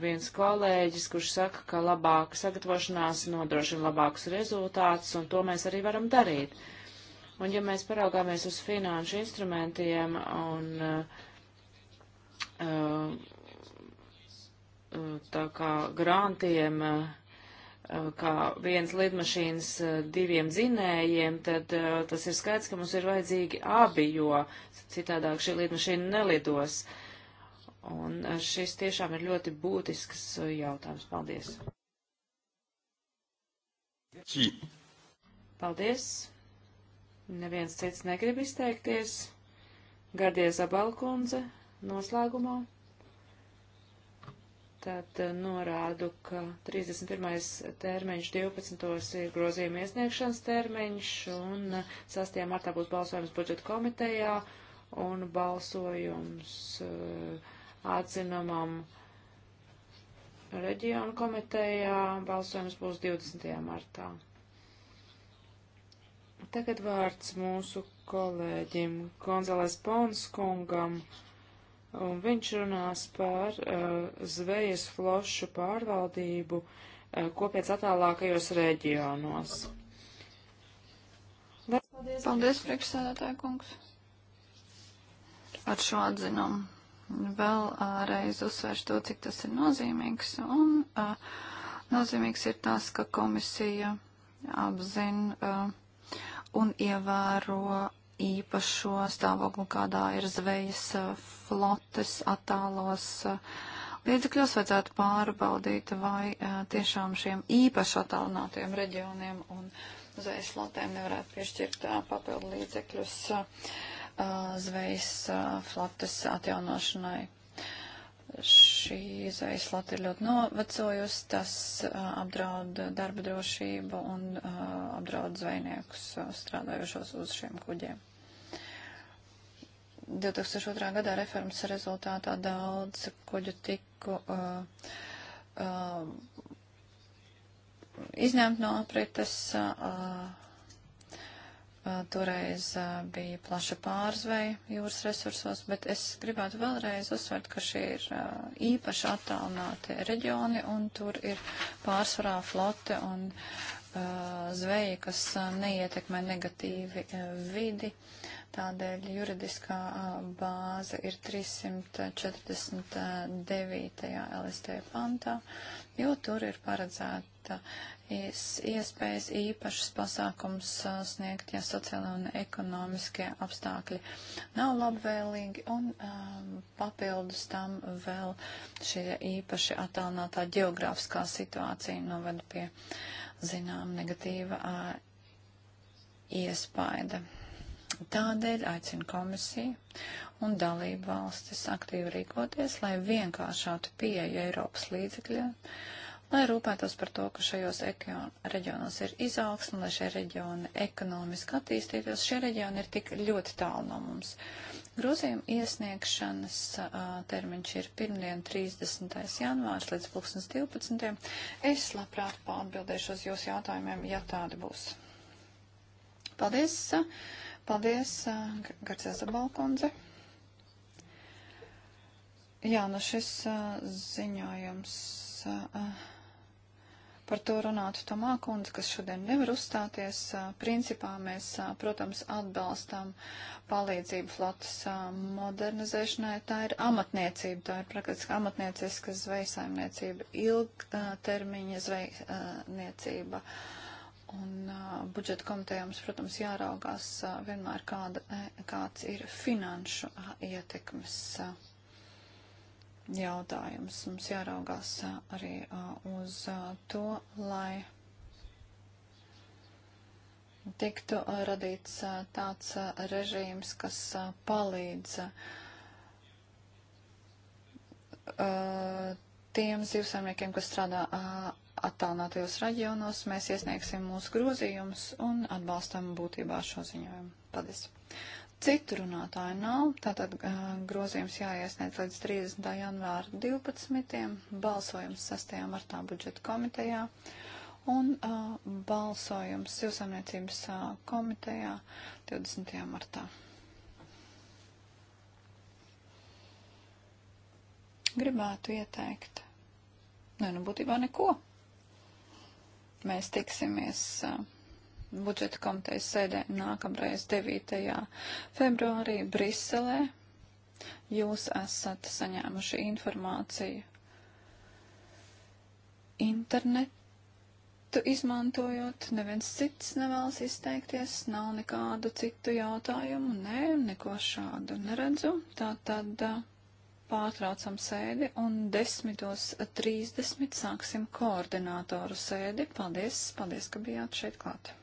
viens kolēģis, kurš saka, ka labāka sagatavošanās nodrošina labākus rezultātus, un to mēs arī varam darīt. Un ja mēs paraugāmies uz finanšu instrumentiem un uh, tā kā grantiem kā viens lidmašīnas diviem dzinējiem, tad tas ir skaidrs, ka mums ir vajadzīgi abi, jo citādāk šī lidmašīna nelidos. Un šis tiešām ir ļoti būtisks jautājums. Paldies! Čī. Paldies! Neviens cits negrib izteikties. Gardies Abalkundze noslēgumā. Tad eh, norādu, ka 31. termiņš 12. ir grozījuma iesniegšanas termiņš un 6. Eh, martā būs balsojums budžeta komitejā un balsojums uh, eh, atzinamam reģionu komitejā. Balsojums būs 20. martā. Tagad vārds mūsu kolēģim Gonzales Pons kungam. Uh, un viņš runās par uh, zvejas flošu pārvaldību uh, eh, kopēc attālākajos reģionos. Paldies, Paldies priekšsēdētāja kungs. Ar šo atzinumu vēl uh, reiz uzsvēršu to, cik tas ir nozīmīgs. Un uh, nozīmīgs ir tas, ka komisija apzin uh, un ievēro īpašo stāvokli, kādā ir zvejas flotes attālos līdzekļos vajadzētu pārbaudīt, vai a, tiešām šiem īpaši attālinātiem reģioniem un zvejas flotēm nevarētu piešķirt a, papildu līdzekļus a, zvejas flotes atjaunošanai šī aizslata ir ļoti novecojusi, tas apdraud darba drošību un apdraud zvejniekus strādājušos uz šiem kuģiem. 2002. gadā reformas rezultātā daudz kuģu tiku uh, uh, izņemt no aprites. Uh, Toreiz bija plaša pārzveja jūras resursos, bet es gribētu vēlreiz uzsvert, ka šie ir īpaši attālināti reģioni un tur ir pārsvarā flote un zveja, kas neietekmē negatīvi vidi. Uh, Tādēļ juridiskā bāze ir 349. LST pantā, jo tur ir paredzēta iespējas īpašas pasākums sniegt, ja sociālai un ekonomiskie apstākļi nav labvēlīgi, un um, papildus tam vēl šie īpaši attālinātā geogrāfiskā situācija noved pie zinām negatīva uh, iespaida. Tādēļ aicinu komisiju un dalību valstis aktīvi rīkoties, lai vienkāršātu pieeju Eiropas līdzekļiem, lai rūpētos par to, ka šajos reģionos ir izaugsme, lai šie reģioni ekonomiski attīstītos. Šie reģioni ir tik ļoti tālu no mums. Grozījuma iesniegšanas a, termiņš ir pirmdien 30. janvārs līdz 2012. Es labprāt pārbildēšu uz jūsu jautājumiem, ja tādi būs. Paldies! Paldies, Garcēs Zabalkundze. Jā, nu šis ziņojums par to runātu Tomā kundze, kas šodien nevar uzstāties. Principā mēs, protams, atbalstam palīdzību flotas modernizēšanai. Tā ir amatniecība, tā ir praktiski amatnieciska zvejsaimniecība, ilgtermiņa zvejniecība. Uh, Un uh, budžeta komitejums, protams, jāraugās uh, vienmēr, kāda, kāds ir finanšu uh, ietekmes uh, jautājums. Mums jāraugās uh, arī uh, uz uh, to, lai tiktu uh, radīts uh, tāds uh, režīms, kas uh, palīdz uh, tiem zivsaimniekiem, kas strādā. Uh, attālinātajos reģionos, mēs iesniegsim mūsu grozījumus un atbalstam būtībā šo ziņojumu. Paldies! Citu runātāju nav, tātad uh, grozījums jāiesniedz līdz 30. janvāra 12. balsojums 6. martā budžeta komitejā un uh, balsojums jūsamniecības uh, komitejā 20. martā. Gribētu ieteikt. Nē, nu, nu būtībā neko. Mēs tiksimies budžeta komitejas sēdē nākamreiz 9. februārī Briselē. Jūs esat saņēmuši informāciju internetu izmantojot, neviens cits nevēlas izteikties, nav nekādu citu jautājumu, nē, neko šādu neredzu. Tā tad. Uh, pārtraucam sēdi un 10.30 sāksim koordinātoru sēdi. Paldies, paldies, ka bijāt šeit klāt.